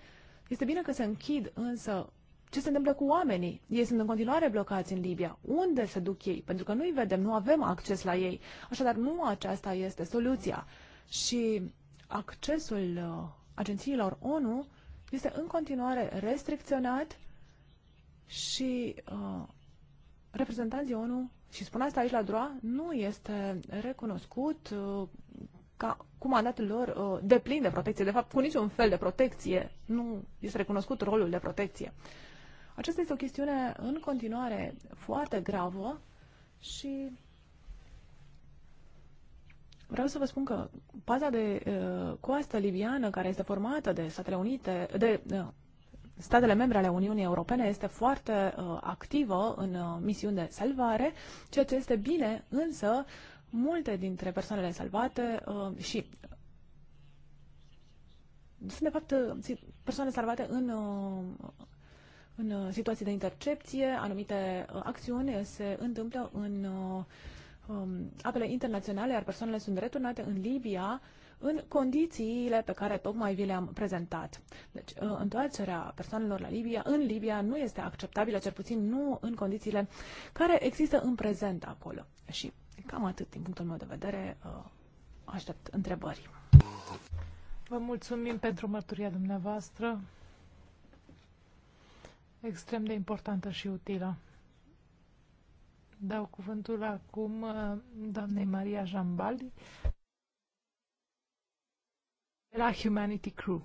Este bine că se închid, însă ce se întâmplă cu oamenii? Ei sunt în continuare blocați în Libia. Unde se duc ei? Pentru că nu-i vedem, nu avem acces la ei. Așadar, nu aceasta este soluția. Și accesul uh, agențiilor ONU este în continuare restricționat și uh, reprezentanții ONU și spun asta aici la DROA, nu este recunoscut uh, ca, cu mandatul lor uh, de plin de protecție. De fapt, cu niciun fel de protecție nu este recunoscut rolul de protecție. Aceasta este o chestiune în continuare foarte gravă și vreau să vă spun că paza de uh, coastă libiană care este formată de Statele Unite, de uh, statele membre ale Uniunii Europene este foarte uh, activă în uh, misiuni de salvare, ceea ce este bine, însă multe dintre persoanele salvate uh, și sunt de fapt uh, persoane salvate în, uh, în uh, situații de intercepție, anumite acțiuni se întâmplă în um, apele internaționale, iar persoanele sunt returnate în Libia, în condițiile pe care tocmai vi le-am prezentat. Deci, uh, întoarcerea persoanelor la Libia, în Libia, nu este acceptabilă, cel puțin nu în condițiile care există în prezent acolo. Și cam atât, din punctul meu de vedere, uh, aștept întrebări. Vă mulțumim pentru mărturia dumneavoastră, extrem de importantă și utilă. Dau cuvântul acum uh, doamnei Maria Jambali, la Humanity Crew.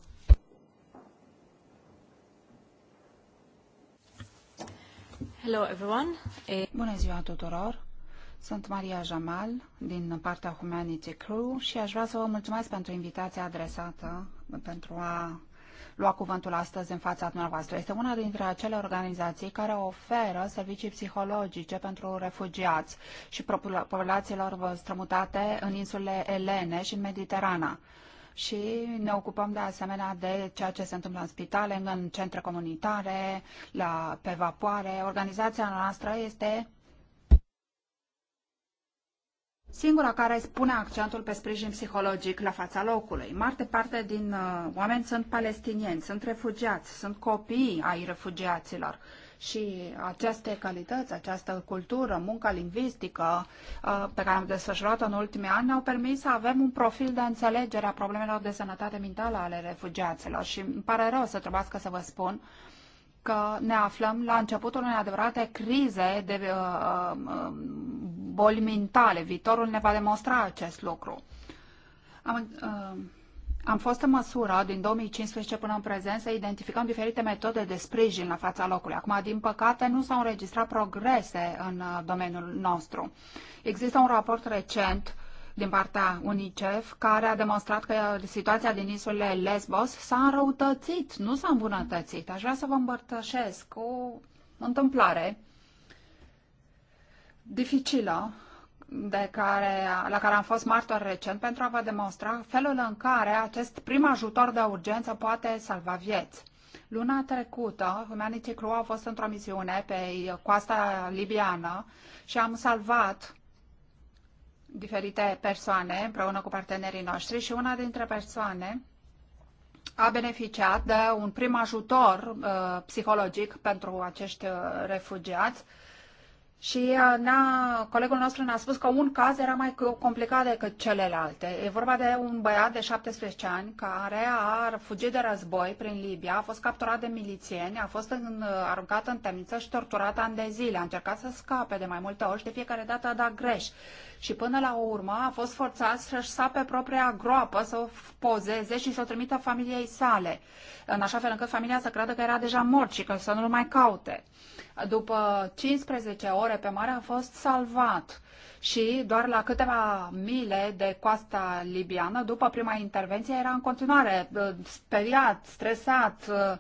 Hello everyone. Eh, Bună ziua tuturor! Sunt Maria Jamal din partea Humanity Crew și aș vrea să vă mulțumesc pentru invitația adresată pentru a lua cuvântul astăzi în fața dumneavoastră. Este una dintre acele organizații care oferă servicii psihologice pentru refugiați și populațiilor strămutate în insulele Elene și în Mediterana și ne ocupăm de asemenea de ceea ce se întâmplă în spitale, în centre comunitare, la, pe vapoare. Organizația noastră este singura care spune accentul pe sprijin psihologic la fața locului. Marte parte din uh, oameni sunt palestinieni, sunt refugiați, sunt copii ai refugiaților. Uh, și aceste calități, această cultură, munca lingvistică uh, pe care am desfășurat-o în ultimii ani au permis să avem un profil de înțelegere a problemelor de sănătate mentală ale refugiaților și îmi pare rău să trebuiască să vă spun că ne aflăm la începutul unei adevărate crize de uh, uh boli mentale. Viitorul ne va demonstra acest lucru. Am, uh, am fost în măsură, din 2015 până în prezent, să identificăm diferite metode de sprijin la fața locului. Acum, din păcate, nu s-au înregistrat progrese în uh, domeniul nostru. Există un raport recent din partea UNICEF care a demonstrat că situația din insulele Lesbos s-a înrăutățit, nu s-a îmbunătățit. Aș vrea să vă împărtășesc o întâmplare dificilă de care, la care am fost martor recent pentru a vă demonstra felul în care acest prim ajutor de urgență poate salva vieți. Luna trecută, Humanity Crew a fost într-o misiune pe coasta libiană și am salvat diferite persoane împreună cu partenerii noștri și una dintre persoane a beneficiat de un prim ajutor uh, psihologic pentru acești uh, refugiați uh, și uh, colegul nostru ne-a spus că un caz era mai complicat decât celelalte. E vorba de un băiat de 17 ani care a fugit de război prin Libia, a fost capturat de milițieni, a fost în, uh, aruncat în temniță și torturat ani de zile. A încercat să scape de mai multe ori și de fiecare dată a dat greș. Și până la urmă a fost forțat să-și sape propria groapă, să o pozeze și să o trimită familiei sale, în așa fel încât familia să creadă că era deja mort și că să nu-l mai caute după 15 ore pe mare a fost salvat și doar la câteva mile de coasta libiană, după prima intervenție, era în continuare uh, speriat, stresat, uh,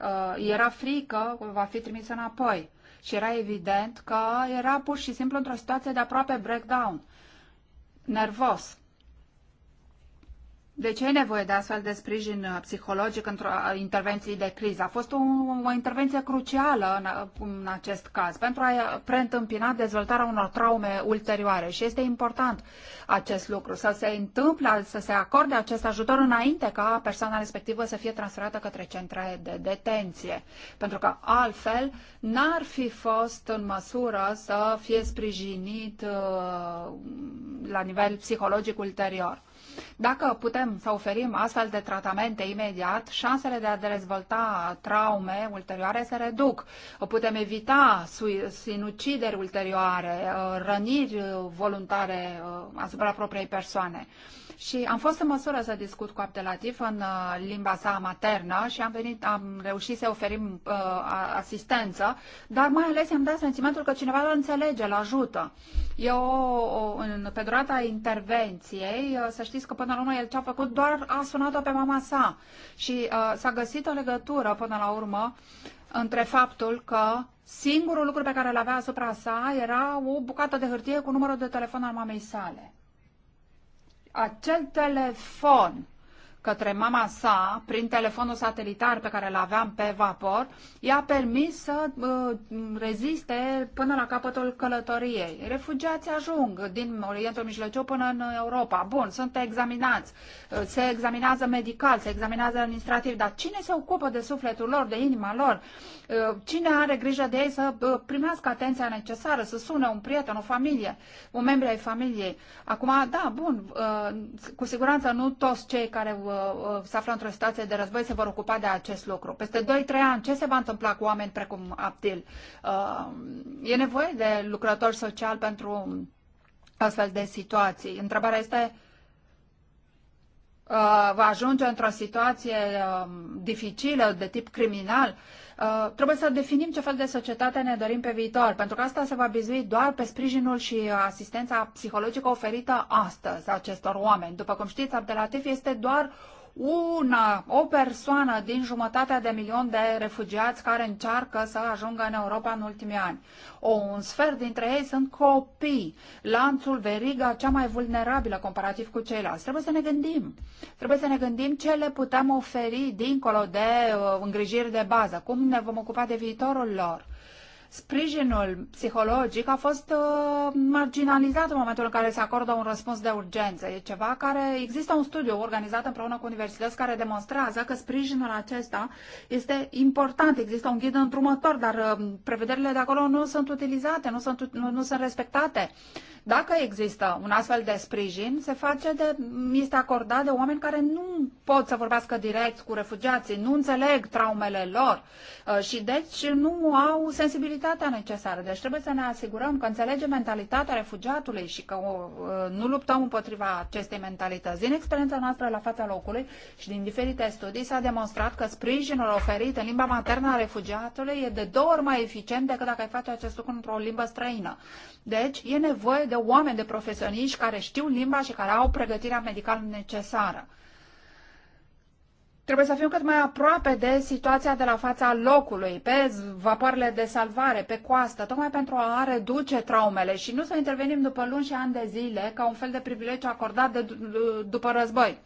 uh, era frică, va fi trimis înapoi. Și era evident că era pur și simplu într-o situație de aproape breakdown, nervos. De ce e nevoie de astfel de sprijin uh, psihologic într-o uh, intervenție de criză. A fost o, o intervenție crucială în, uh, în acest caz pentru a preîntâmpina dezvoltarea unor traume ulterioare și este important acest lucru, să se întâmple, să se acorde acest ajutor înainte ca persoana respectivă să fie transferată către centre de detenție, pentru că altfel n-ar fi fost în măsură să fie sprijinit la nivel psihologic ulterior. Dacă putem să oferim astfel de tratamente imediat, șansele de a dezvolta traume ulterioare se reduc. Putem evita sinucideri ulterioare, uh, răniri uh, voluntare uh, asupra propriei persoane. Și am fost în măsură să discut cu apelativ în limba sa maternă și am, venit, am reușit să oferim uh, asistență, dar mai ales am dat sentimentul că cineva îl înțelege, îl ajută. Eu, în, pe durata intervenției, să știți știți că până la urmă el ce-a făcut doar a sunat-o pe mama sa și uh, s-a găsit o legătură până la urmă între faptul că singurul lucru pe care îl avea asupra sa era o bucată de hârtie cu numărul de telefon al mamei sale. Acel telefon către mama sa prin telefonul satelitar pe care îl aveam pe vapor, i-a permis să uh, reziste până la capătul călătoriei. Refugiații ajung din Orientul Mijlociu până în Europa. Bun, sunt examinați, uh, se examinează medical, se examinează administrativ, dar cine se ocupă de sufletul lor, de inima lor? Uh, cine are grijă de ei să uh, primească atenția necesară, să sune un prieten, o familie, un membru ai familiei? Acum, da, bun, cu siguranță nu toți cei care Uh, uh, se află într-o situație de război se vor ocupa de acest lucru. Peste 2-3 ani, ce se va întâmpla cu oameni precum Abdil? Uh, e nevoie de lucrător social pentru astfel de situații. Întrebarea este Uh, va ajunge într-o situație um, dificilă de tip criminal, uh, trebuie să definim ce fel de societate ne dorim pe viitor, pentru că asta se va bizui doar pe sprijinul și asistența psihologică oferită astăzi acestor oameni. După cum știți, Abdelatif este doar una, o persoană din jumătatea de milion de refugiați care încearcă să ajungă în Europa în ultimii ani. O, un sfert dintre ei sunt copii. Lanțul, veriga, cea mai vulnerabilă comparativ cu ceilalți. Trebuie să ne gândim. Trebuie să ne gândim ce le putem oferi dincolo de uh, îngrijiri de bază, cum ne vom ocupa de viitorul lor sprijinul psihologic a fost uh, marginalizat în momentul în care se acordă un răspuns de urgență. E ceva care există un studiu organizat împreună cu universități care demonstrează că sprijinul acesta este important. Există un ghid întrumător, dar uh, prevederile de acolo nu sunt utilizate, nu sunt, nu, nu sunt respectate. Dacă există un astfel de sprijin, se face de, este acordat de oameni care nu pot să vorbească direct cu refugiații, nu înțeleg traumele lor uh, și deci nu au sensibilitatea necesară. Deci trebuie să ne asigurăm că înțelegem mentalitatea refugiatului și că uh, nu luptăm împotriva acestei mentalități. Din experiența noastră la fața locului și din diferite studii s-a demonstrat că sprijinul oferit în limba maternă a refugiatului e de două ori mai eficient decât dacă ai face acest lucru într-o limbă străină. Deci e nevoie de oameni, de profesioniști care știu limba și care au pregătirea medicală necesară. Trebuie să fim cât mai aproape de situația de la fața locului, pe vapoarele de salvare, pe coastă, tocmai pentru a reduce traumele și nu să intervenim după luni și ani de zile ca un fel de privilegiu acordat de, după război.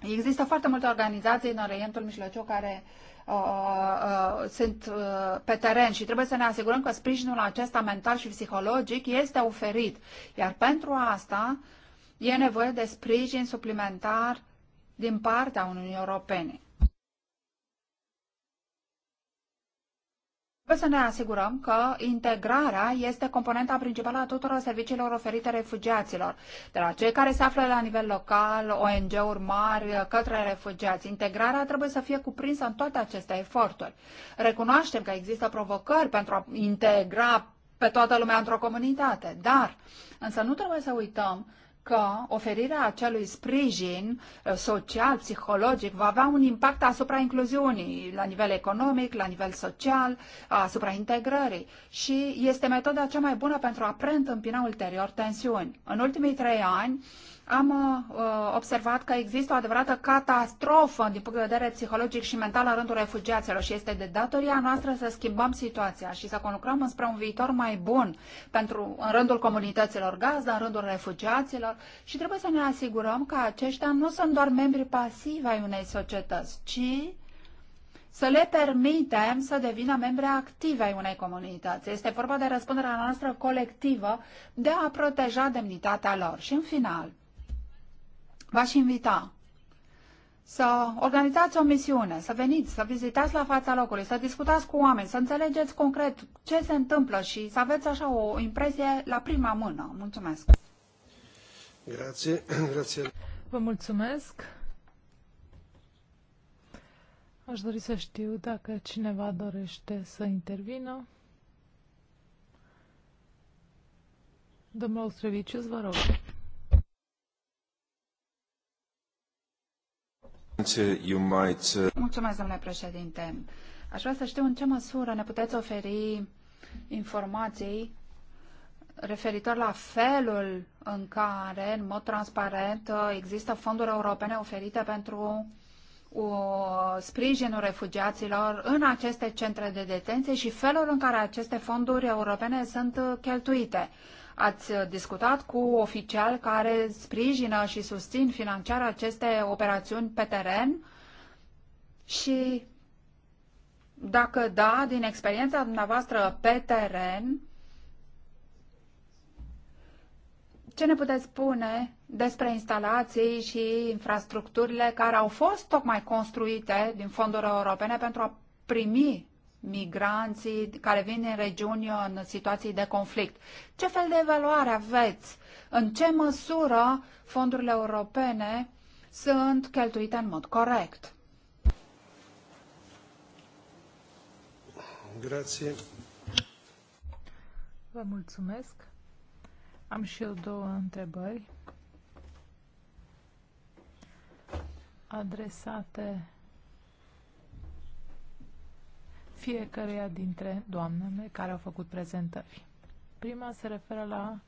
Există foarte multe organizații în Orientul Mijlociu care uh, Uh, uh, sunt uh, pe teren și trebuie să ne asigurăm că sprijinul acesta mental și psihologic este oferit. Iar pentru asta e nevoie de sprijin suplimentar din partea Uniunii Europene. Trebuie să ne asigurăm că integrarea este componenta principală a tuturor serviciilor oferite refugiaților, de la cei care se află la nivel local, ONG-uri mari, către refugiați. Integrarea trebuie să fie cuprinsă în toate aceste eforturi. Recunoaștem că există provocări pentru a integra pe toată lumea într-o comunitate, dar însă nu trebuie să uităm că oferirea acelui sprijin uh, social, psihologic, va avea un impact asupra incluziunii, la nivel economic, la nivel social, asupra integrării. Și este metoda cea mai bună pentru a preîntâmpina ulterior tensiuni. În ultimii trei ani, am uh, observat că există o adevărată catastrofă din punct de vedere psihologic și mental în rândul refugiaților și este de datoria noastră să schimbăm situația și să conlucrăm înspre un viitor mai bun pentru, în rândul comunităților gazdă, în rândul refugiaților și trebuie să ne asigurăm că aceștia nu sunt doar membri pasivi ai unei societăți, ci să le permitem să devină membre active ai unei comunități. Este vorba de răspunderea noastră colectivă de a proteja demnitatea lor. Și în final, V-aș invita să organizați o misiune, să veniți, să vizitați la fața locului, să discutați cu oameni, să înțelegeți concret ce se întâmplă și să aveți așa o impresie la prima mână. Mulțumesc! Grazie, grazie. Vă mulțumesc! Aș dori să știu dacă cineva dorește să intervină. Domnul Ostrevicius, vă rog. Uh, Mulțumesc, domnule președinte. Aș vrea să știu în ce măsură ne puteți oferi informații referitor la felul în care, în mod transparent, există fonduri europene oferite pentru uh, sprijinul refugiaților în aceste centre de detenție și felul în care aceste fonduri europene sunt cheltuite. Ați discutat cu oficiali care sprijină și susțin financiar aceste operațiuni pe teren? Și dacă da, din experiența dumneavoastră pe teren, ce ne puteți spune despre instalații și infrastructurile care au fost tocmai construite din fonduri europene pentru a primi migranții care vin în regiuni în situații de conflict. Ce fel de evaluare aveți? În ce măsură fondurile europene sunt cheltuite în mod corect? Grazie. Vă mulțumesc. Am și eu două întrebări adresate fiecăruia dintre doamnele care au făcut prezentări. Prima se referă la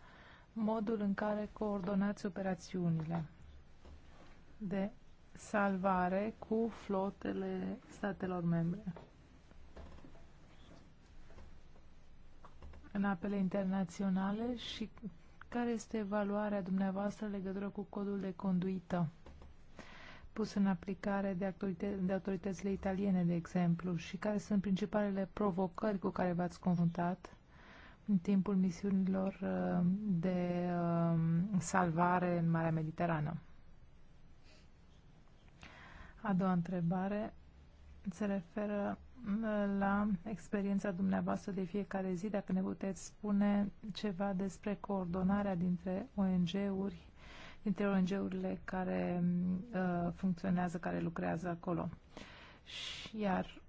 modul în care coordonați operațiunile de salvare cu flotele statelor membre. în apele internaționale și care este evaluarea dumneavoastră legătură cu codul de conduită pus în aplicare de, de autoritățile italiene, de exemplu, și care sunt principalele provocări cu care v-ați confruntat în timpul misiunilor uh, de um, salvare în Marea Mediterană? A doua întrebare se referă uh, la experiența dumneavoastră de fiecare zi, dacă ne puteți spune ceva despre coordonarea dintre ONG-uri dintre ONG-urile care uh, funcționează, care lucrează acolo. Și, iar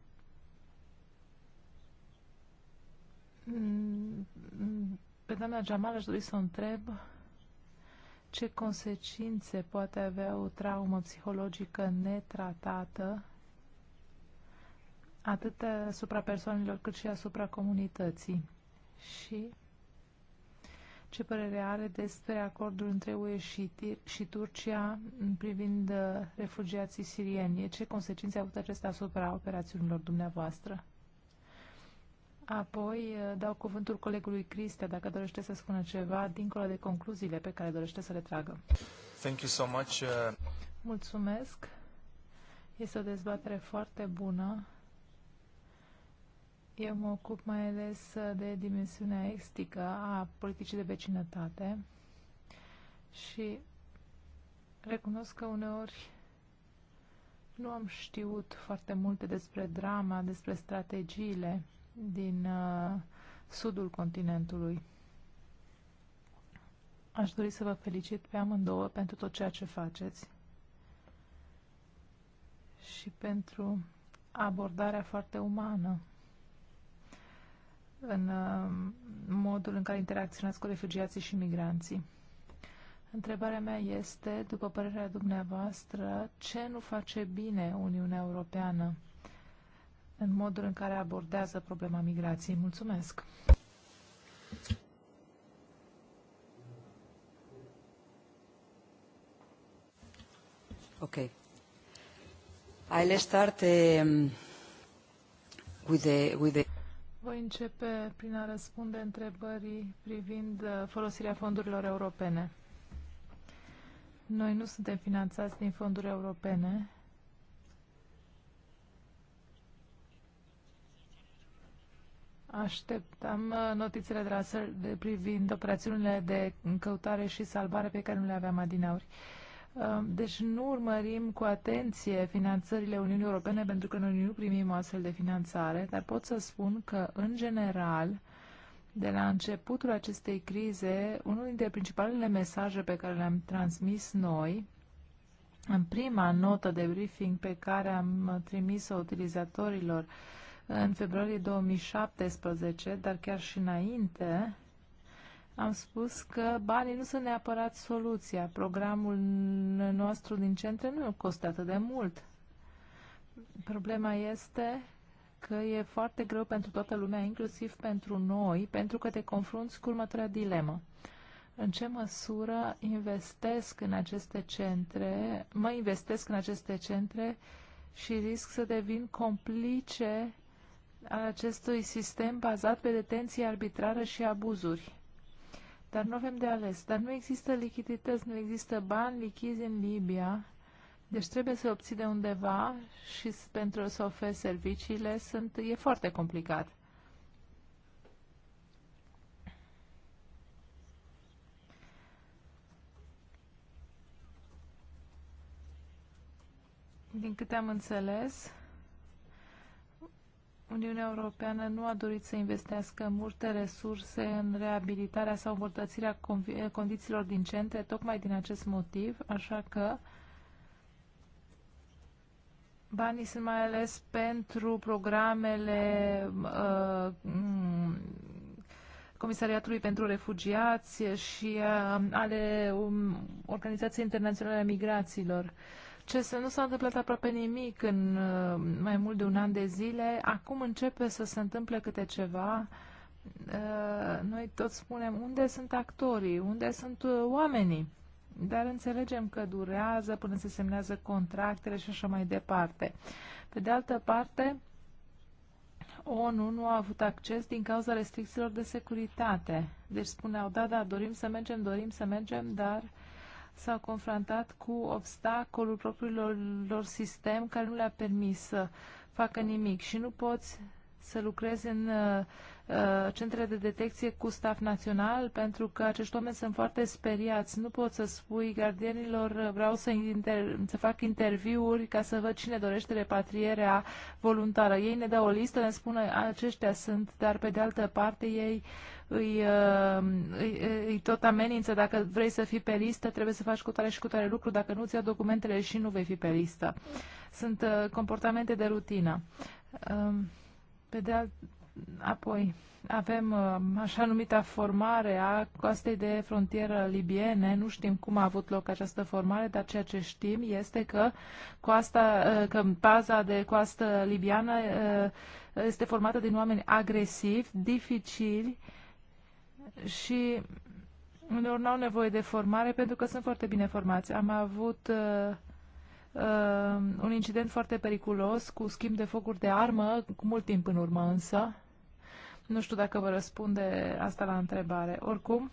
mm, pe doamna Jamal aș dori să o întreb ce consecințe poate avea o traumă psihologică netratată atât asupra persoanelor cât și asupra comunității. Și ce părere are despre acordul între UE și, și Turcia privind uh, refugiații sirieni. Ce consecințe a avut acesta asupra operațiunilor dumneavoastră? Apoi uh, dau cuvântul colegului Cristea dacă dorește să spună ceva dincolo de concluziile pe care dorește să le tragă. Thank you so much. Uh, Mulțumesc. Este o dezbatere foarte bună eu mă ocup mai ales uh, de dimensiunea estică a politicii de vecinătate și recunosc că uneori nu am știut foarte multe despre drama, despre strategiile din uh, sudul continentului. Aș dori să vă felicit pe amândouă pentru tot ceea ce faceți și pentru abordarea foarte umană în uh, modul în care interacționați cu refugiații și migranții. Întrebarea mea este, după părerea dumneavoastră, ce nu face bine Uniunea Europeană în modul în care abordează problema migrației? Mulțumesc! Ok. I'll start um, with the, with the voi începe prin a răspunde întrebării privind uh, folosirea fondurilor europene. Noi nu suntem finanțați din fonduri europene. Așteptam uh, notițele de la de privind operațiunile de căutare și salvare pe care nu le aveam adinauri. Uh, deci nu urmărim cu atenție finanțările Uniunii Europene pentru că noi nu primim o astfel de finanțare, dar pot să spun că, în general, de la începutul acestei crize, unul dintre principalele mesaje pe care le-am transmis noi, în prima notă de briefing pe care am trimis-o utilizatorilor în februarie 2017, dar chiar și înainte, am spus că banii nu sunt neapărat soluția. Programul nostru din centre nu costă atât de mult. Problema este că e foarte greu pentru toată lumea, inclusiv pentru noi, pentru că te confrunți cu următoarea dilemă. În ce măsură investesc în aceste centre, mă investesc în aceste centre și risc să devin complice al acestui sistem bazat pe detenție arbitrară și abuzuri? Dar nu avem de ales. Dar nu există lichidități, nu există bani lichizi în Libia. Deci trebuie să obții de undeva și pentru să oferi serviciile sunt, e foarte complicat. Din câte am înțeles, Uniunea Europeană nu a dorit să investească multe resurse în reabilitarea sau îmbunătățirea eh, condițiilor din centre, tocmai din acest motiv, așa că banii sunt mai ales pentru programele uh, mm, Comisariatului pentru Refugiați și uh, ale um, Organizației Internaționale a Migrațiilor. Uh, ce să nu s-a întâmplat aproape nimic în uh, mai mult de un an de zile, acum începe să se întâmple câte ceva. Uh, noi tot spunem unde sunt actorii, unde sunt uh, oamenii, dar înțelegem că durează până se semnează contractele și așa mai departe. Pe de altă parte, ONU nu a avut acces din cauza restricțiilor de securitate. Deci spuneau, da, da, dorim să mergem, dorim să mergem, dar uh, s-au confruntat cu obstacolul propriilor lor sistem care nu le-a permis să facă nimic și nu poți să lucrezi în uh, uh centre de detecție cu staff național, pentru că acești oameni sunt foarte speriați. Nu pot să spui gardienilor, uh, vreau să, inter- să fac interviuri ca să văd cine dorește repatrierea voluntară. Ei ne dau o listă, ne spun aceștia sunt, dar pe de altă parte ei uh, Uh, îi, îi, îi tot amenință, dacă vrei să fii pe listă, trebuie să faci cu tare și cu tare lucru, dacă nu-ți ia documentele și nu vei fi pe listă. Sunt uh, comportamente de rutină. Um, pe de alt... Apoi avem uh, așa numita formare a coastei de frontieră libiene. Nu știm cum a avut loc această formare, dar ceea ce știm este că, coasta, că baza de coastă libiană este formată din oameni agresivi, dificili, și uneori n-au nevoie de formare pentru că sunt foarte bine formați. Am avut uh, uh, un incident foarte periculos cu schimb de focuri de armă, cu mult timp în urmă însă. Nu știu dacă vă răspunde asta la întrebare. Oricum,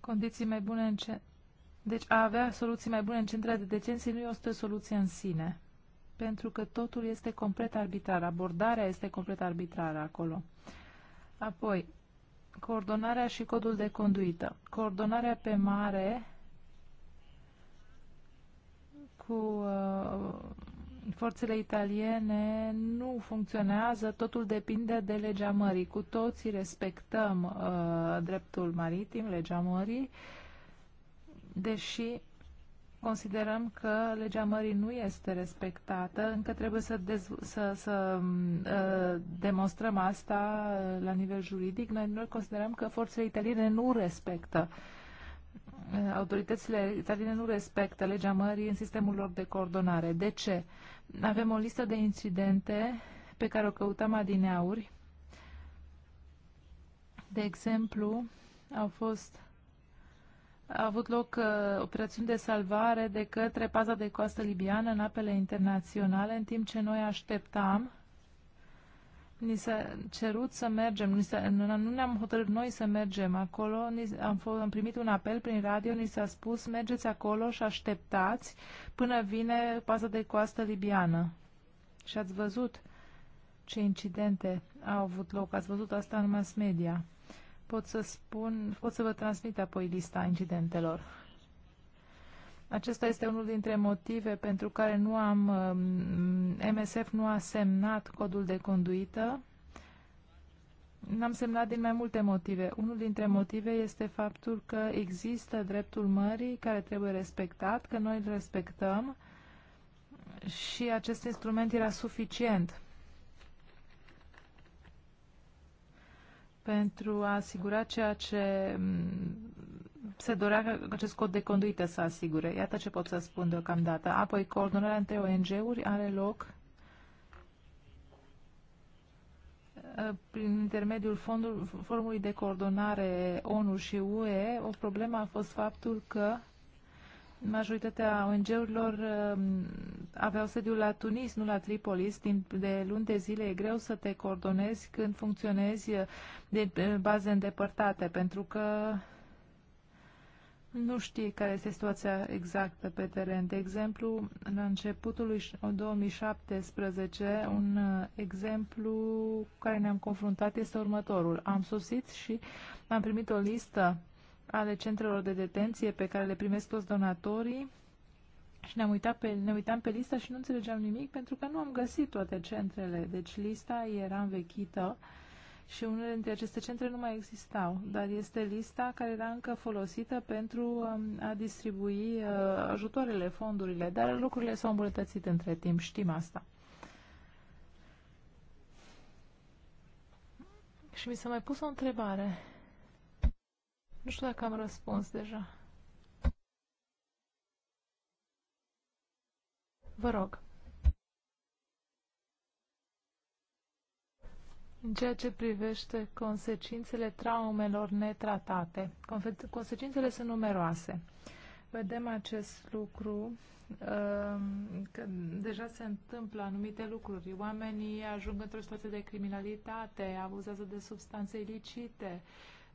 condiții mai bune în ce... Deci a avea soluții mai bune în centrele de detenție nu este o soluție în sine pentru că totul este complet arbitrar, abordarea este complet arbitrară acolo. Apoi, coordonarea și codul de conduită. Coordonarea pe mare cu uh, forțele italiene nu funcționează, totul depinde de legea mării. Cu toții respectăm uh, dreptul maritim, legea mării, deși considerăm că legea mării nu este respectată, încă trebuie să, dez, să, să uh, demonstrăm asta la nivel juridic. Noi, noi considerăm că forțele italiene nu respectă autoritățile italiene nu respectă legea mării în sistemul lor de coordonare. De ce? Avem o listă de incidente pe care o căutăm adineauri. De exemplu, au fost a avut loc uh, operațiuni de salvare de către paza de coastă libiană în apele internaționale, în timp ce noi așteptam. Ni s-a cerut să mergem, ni nu ne-am hotărât noi să mergem acolo, ni, am, am primit un apel prin radio, ni s-a spus mergeți acolo și așteptați până vine paza de coastă libiană. Și ați văzut ce incidente au avut loc, ați văzut asta în mass media pot să spun, pot să vă transmit apoi lista incidentelor. Acesta este unul dintre motive pentru care nu am, MSF um, nu a semnat codul de conduită. N-am semnat din mai multe motive. Unul dintre motive este faptul că există dreptul mării care trebuie respectat, că noi îl respectăm și acest instrument era suficient pentru a asigura ceea ce mm, se dorea ca acest cod de conduită să asigure. Iată ce pot să spun deocamdată. Apoi, coordonarea între ONG-uri are loc eh, prin intermediul fondul, formului de coordonare ONU și UE, o problemă a fost faptul că Majoritatea ONG-urilor um, aveau sediul la Tunis, nu la Tripolis. Din, de luni de zile e greu să te coordonezi când funcționezi uh, de baze îndepărtate, pentru că nu știi care este situația exactă pe teren. De exemplu, la începutul lui 2017, un uh, exemplu cu care ne-am confruntat este următorul. Am sosit și am primit o listă ale centrelor de detenție pe care le primesc toți donatorii și ne-am uitat pe, ne uitam pe lista și nu înțelegeam nimic pentru că nu am găsit toate centrele. Deci lista era învechită și unele dintre aceste centre nu mai existau, dar este lista care era încă folosită pentru um, a distribui uh, ajutoarele, fondurile, dar lucrurile s-au îmbunătățit între timp, știm asta. Și mi s-a mai pus o întrebare. Nu știu dacă am răspuns deja. Vă rog. În ceea ce privește consecințele traumelor netratate, consecințele sunt numeroase. Vedem acest lucru, um, că deja se întâmplă anumite lucruri. Oamenii ajung într-o situație de criminalitate, abuzează de substanțe ilicite,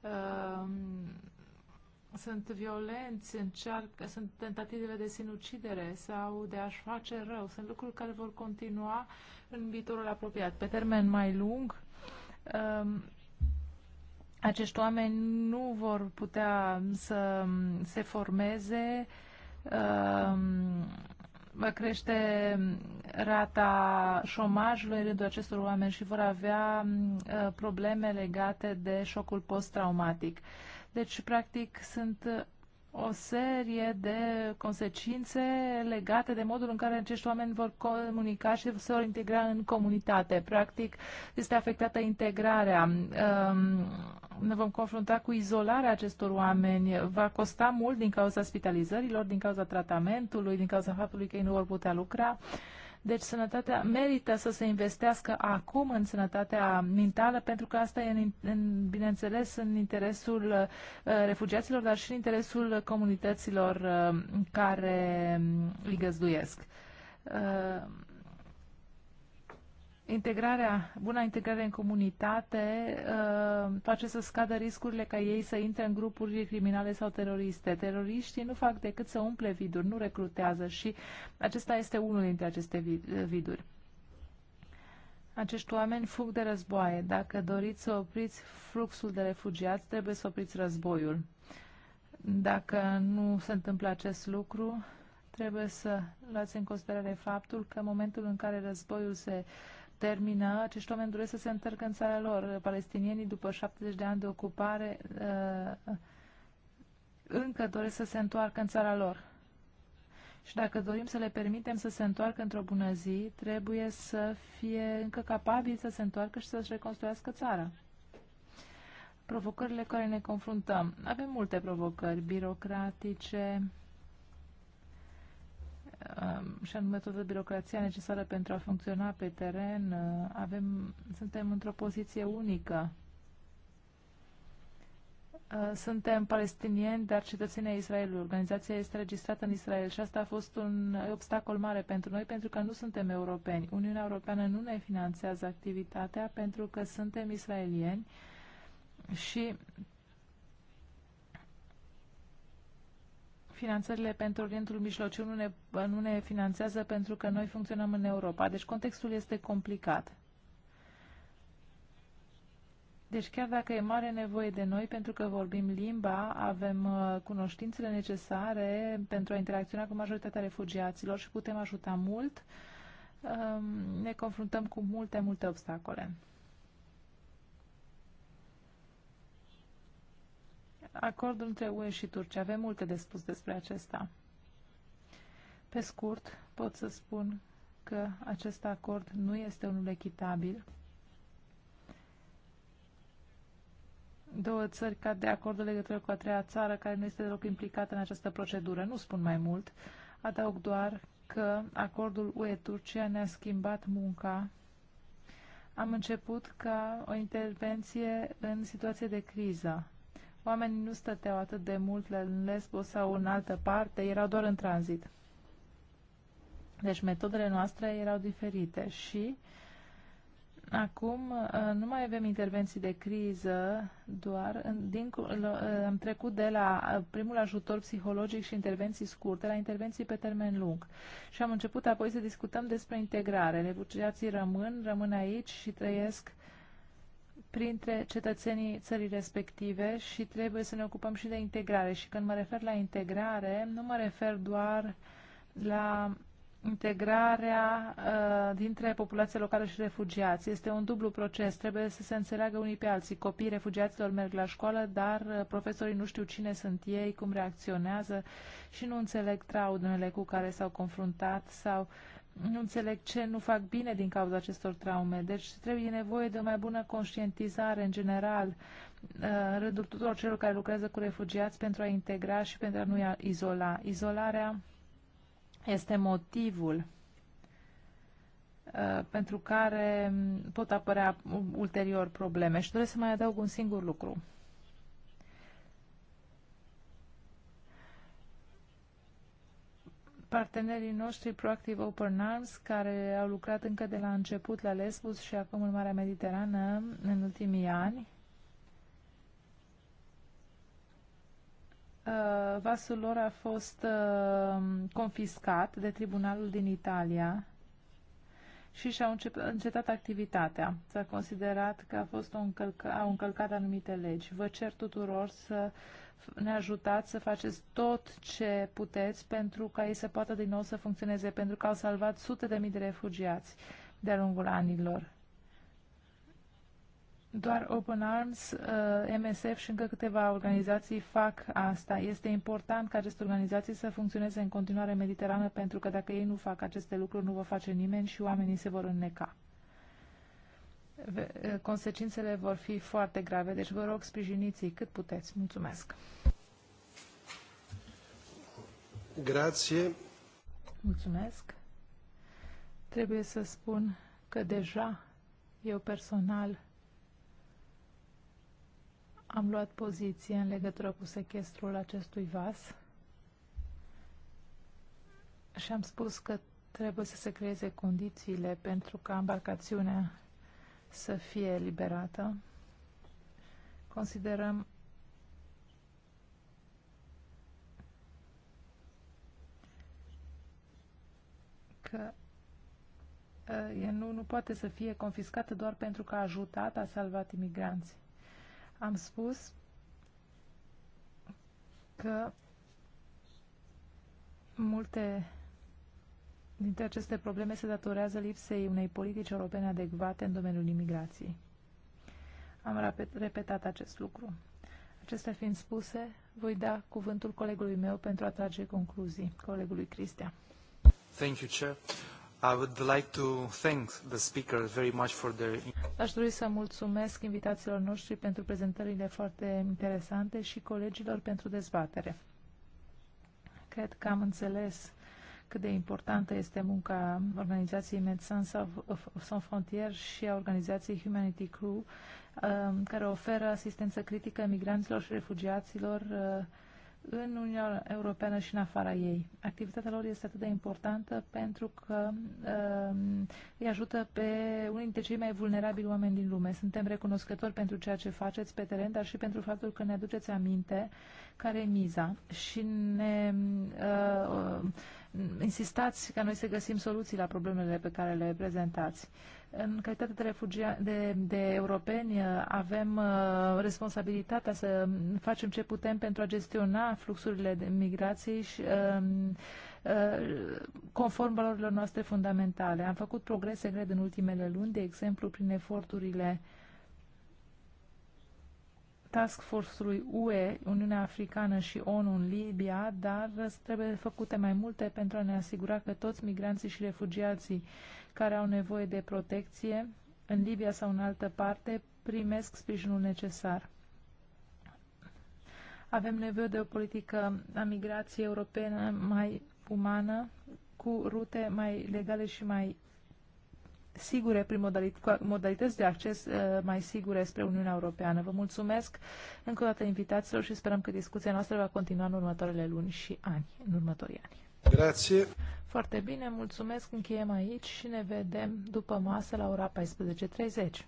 Ehm, sunt violenți, încearcă, sunt tentativele de sinucidere sau de a-și face rău. Sunt lucruri care vor continua în viitorul apropiat. Pe termen mai lung, ehm, acești oameni nu vor putea să se formeze ehm, va crește rata șomajului în rândul acestor oameni și vor avea ă, probleme legate de șocul post-traumatic. Deci, practic, sunt o serie de consecințe legate de modul în care acești oameni vor comunica și se vor integra în comunitate. Practic, este afectată integrarea. Ehm, ne vom confrunta cu izolarea acestor oameni. Va costa mult din cauza spitalizărilor, din cauza tratamentului, din cauza faptului că ei nu vor putea lucra. Deci sănătatea merită să se investească acum în sănătatea mentală, pentru că asta e, în, în, bineînțeles, în interesul uh, refugiaților, dar și în interesul comunităților uh, care îi găzduiesc. Uh, integrarea, buna integrare în comunitate uh, face să scadă riscurile ca ei să intre în grupuri criminale sau teroriste. Teroriștii nu fac decât să umple viduri, nu recrutează și acesta este unul dintre aceste uh, viduri. Acești oameni fug de războaie. Dacă doriți să opriți fluxul de refugiați, trebuie să opriți războiul. Dacă nu se întâmplă acest lucru, trebuie să luați în considerare faptul că în momentul în care războiul se uh, termină, acești oameni doresc să se întorcă în țara lor. Palestinienii, după 70 de ani de ocupare, uh, încă doresc să se întoarcă în țara lor. Și dacă dorim să le permitem să se întoarcă într-o bună zi, trebuie să fie încă capabili să se întoarcă și să-și reconstruiască țara. Provocările care ne confruntăm. Avem multe provocări birocratice, Um, și anume toată birocrația necesară pentru a funcționa pe teren, uh, avem, suntem într-o poziție unică. Uh, suntem palestinieni, dar cetățenii Israelului. Organizația este registrată în Israel și asta a fost un obstacol mare pentru noi, pentru că nu suntem europeni. Uniunea Europeană nu ne finanțează activitatea pentru că suntem israelieni și finanțările pentru Orientul Mijlociu nu ne, nu ne finanțează pentru că noi funcționăm în Europa. Deci contextul este complicat. Deci chiar dacă e mare nevoie de noi, pentru că vorbim limba, avem uh, cunoștințele necesare pentru a interacționa cu majoritatea refugiaților și putem ajuta mult, um, ne confruntăm cu multe, multe obstacole. acordul între UE și Turcia. Avem multe de spus despre acesta. Pe scurt, pot să spun că acest acord nu este unul echitabil. Două țări cad de acord în legătură cu a treia țară care nu este deloc implicată în această procedură. Nu spun mai mult, adaug doar că acordul UE-Turcia ne-a schimbat munca. Am început ca o intervenție în situație de criză Oamenii nu stăteau atât de mult în Lesbos sau în altă parte, erau doar în tranzit. Deci metodele noastre erau diferite și acum uh, nu mai avem intervenții de criză, doar din, uh, am trecut de la uh, primul ajutor psihologic și intervenții scurte la intervenții pe termen lung. Și am început apoi să discutăm despre integrare. Refugiații rămân, rămân aici și trăiesc uh, printre cetățenii țării respective și trebuie să ne ocupăm și de integrare. Și când mă refer la integrare, nu mă refer doar la integrarea uh, dintre populația locală și refugiați. Este un dublu proces, trebuie să se înțeleagă unii pe alții. Copiii refugiaților merg la școală, dar uh, profesorii nu știu cine sunt ei, cum reacționează și nu înțeleg traudele cu care s-au confruntat sau uh, nu înțeleg ce nu fac bine din cauza acestor traume. Deci trebuie nevoie de o mai bună conștientizare în general uh, în rândul tuturor celor care lucrează cu refugiați pentru a integra și pentru a nu izola. Izolarea este motivul uh, pentru care pot apărea ulterior probleme. Și doresc să mai adaug un singur lucru. partenerii noștri Proactive Open Arms, care au lucrat încă de la început la Lesbos și acum în Marea Mediterană în ultimii ani. Uh, vasul lor a fost uh, confiscat de tribunalul din Italia și și-au încetat activitatea. S-a considerat că a fost o încălcă, au încălcat anumite legi. Vă cer tuturor să ne ajutați să faceți tot ce puteți pentru ca ei să poată din nou să funcționeze, pentru că au salvat sute de mii de refugiați de-a lungul anilor. Doar Open Arms, uh, MSF și încă câteva organizații fac asta. Este important ca aceste organizații să funcționeze în continuare în Mediterană, pentru că dacă ei nu fac aceste lucruri, nu va face nimeni și oamenii se vor înneca. Uh, consecințele vor fi foarte grave, deci vă rog sprijiniți cât puteți. Mulțumesc! Grație! Mulțumesc! Trebuie să spun că deja eu personal am luat poziție în legătură cu sequestrul acestui vas și am spus că trebuie să se creeze condițiile pentru ca embarcațiunea să fie eliberată. Considerăm că uh, nu, nu poate să fie confiscată doar pentru că a ajutat, a salvat imigranții am spus că multe dintre aceste probleme se datorează lipsei unei politici europene adecvate în domeniul imigrației. Am repetat acest lucru. Acestea fiind spuse, voi da cuvântul colegului meu pentru a trage concluzii, colegului Cristian. Thank you, Chair. I would like to thank the very much for their... Aș dori să mulțumesc invitațiilor noștri pentru prezentările foarte interesante și colegilor pentru dezbatere. Cred că am înțeles cât de importantă este munca organizației Médecins Sans Frontières și a organizației Humanity Crew, um, care oferă asistență critică migranților și refugiaților uh, în Uniunea Europeană și în afara ei. Activitatea lor este atât de importantă pentru că uh, îi ajută pe unii dintre cei mai vulnerabili oameni din lume. Suntem recunoscători pentru ceea ce faceți pe teren, dar și pentru faptul că ne aduceți aminte care e miza și ne uh, uh insistați ca noi să găsim soluții la problemele pe care le prezentați. Uh, în calitate de, refugia, de, de europeni uh, avem uh, responsabilitatea să facem ce putem pentru a gestiona fluxurile de migrații și um, uh, conform valorilor noastre fundamentale. Am făcut progrese, cred, în ultimele luni, de exemplu, prin eforturile Task Force-ului UE, Uniunea Africană și ONU în Libia, dar trebuie făcute mai multe pentru a ne asigura că toți migranții și refugiații care au nevoie de protecție în Libia sau în altă parte primesc sprijinul necesar. Avem nevoie de o politică a migrației europene mai umană, cu rute mai legale și mai sigure, prin modalități, modalități de acces uh, mai sigure spre Uniunea Europeană. Vă mulțumesc încă o dată invitațiilor și sperăm că discuția noastră va continua în următoarele luni și ani, în următorii ani. Grazie. Foarte bine, mulțumesc, încheiem aici și ne vedem după masă la ora 14.30.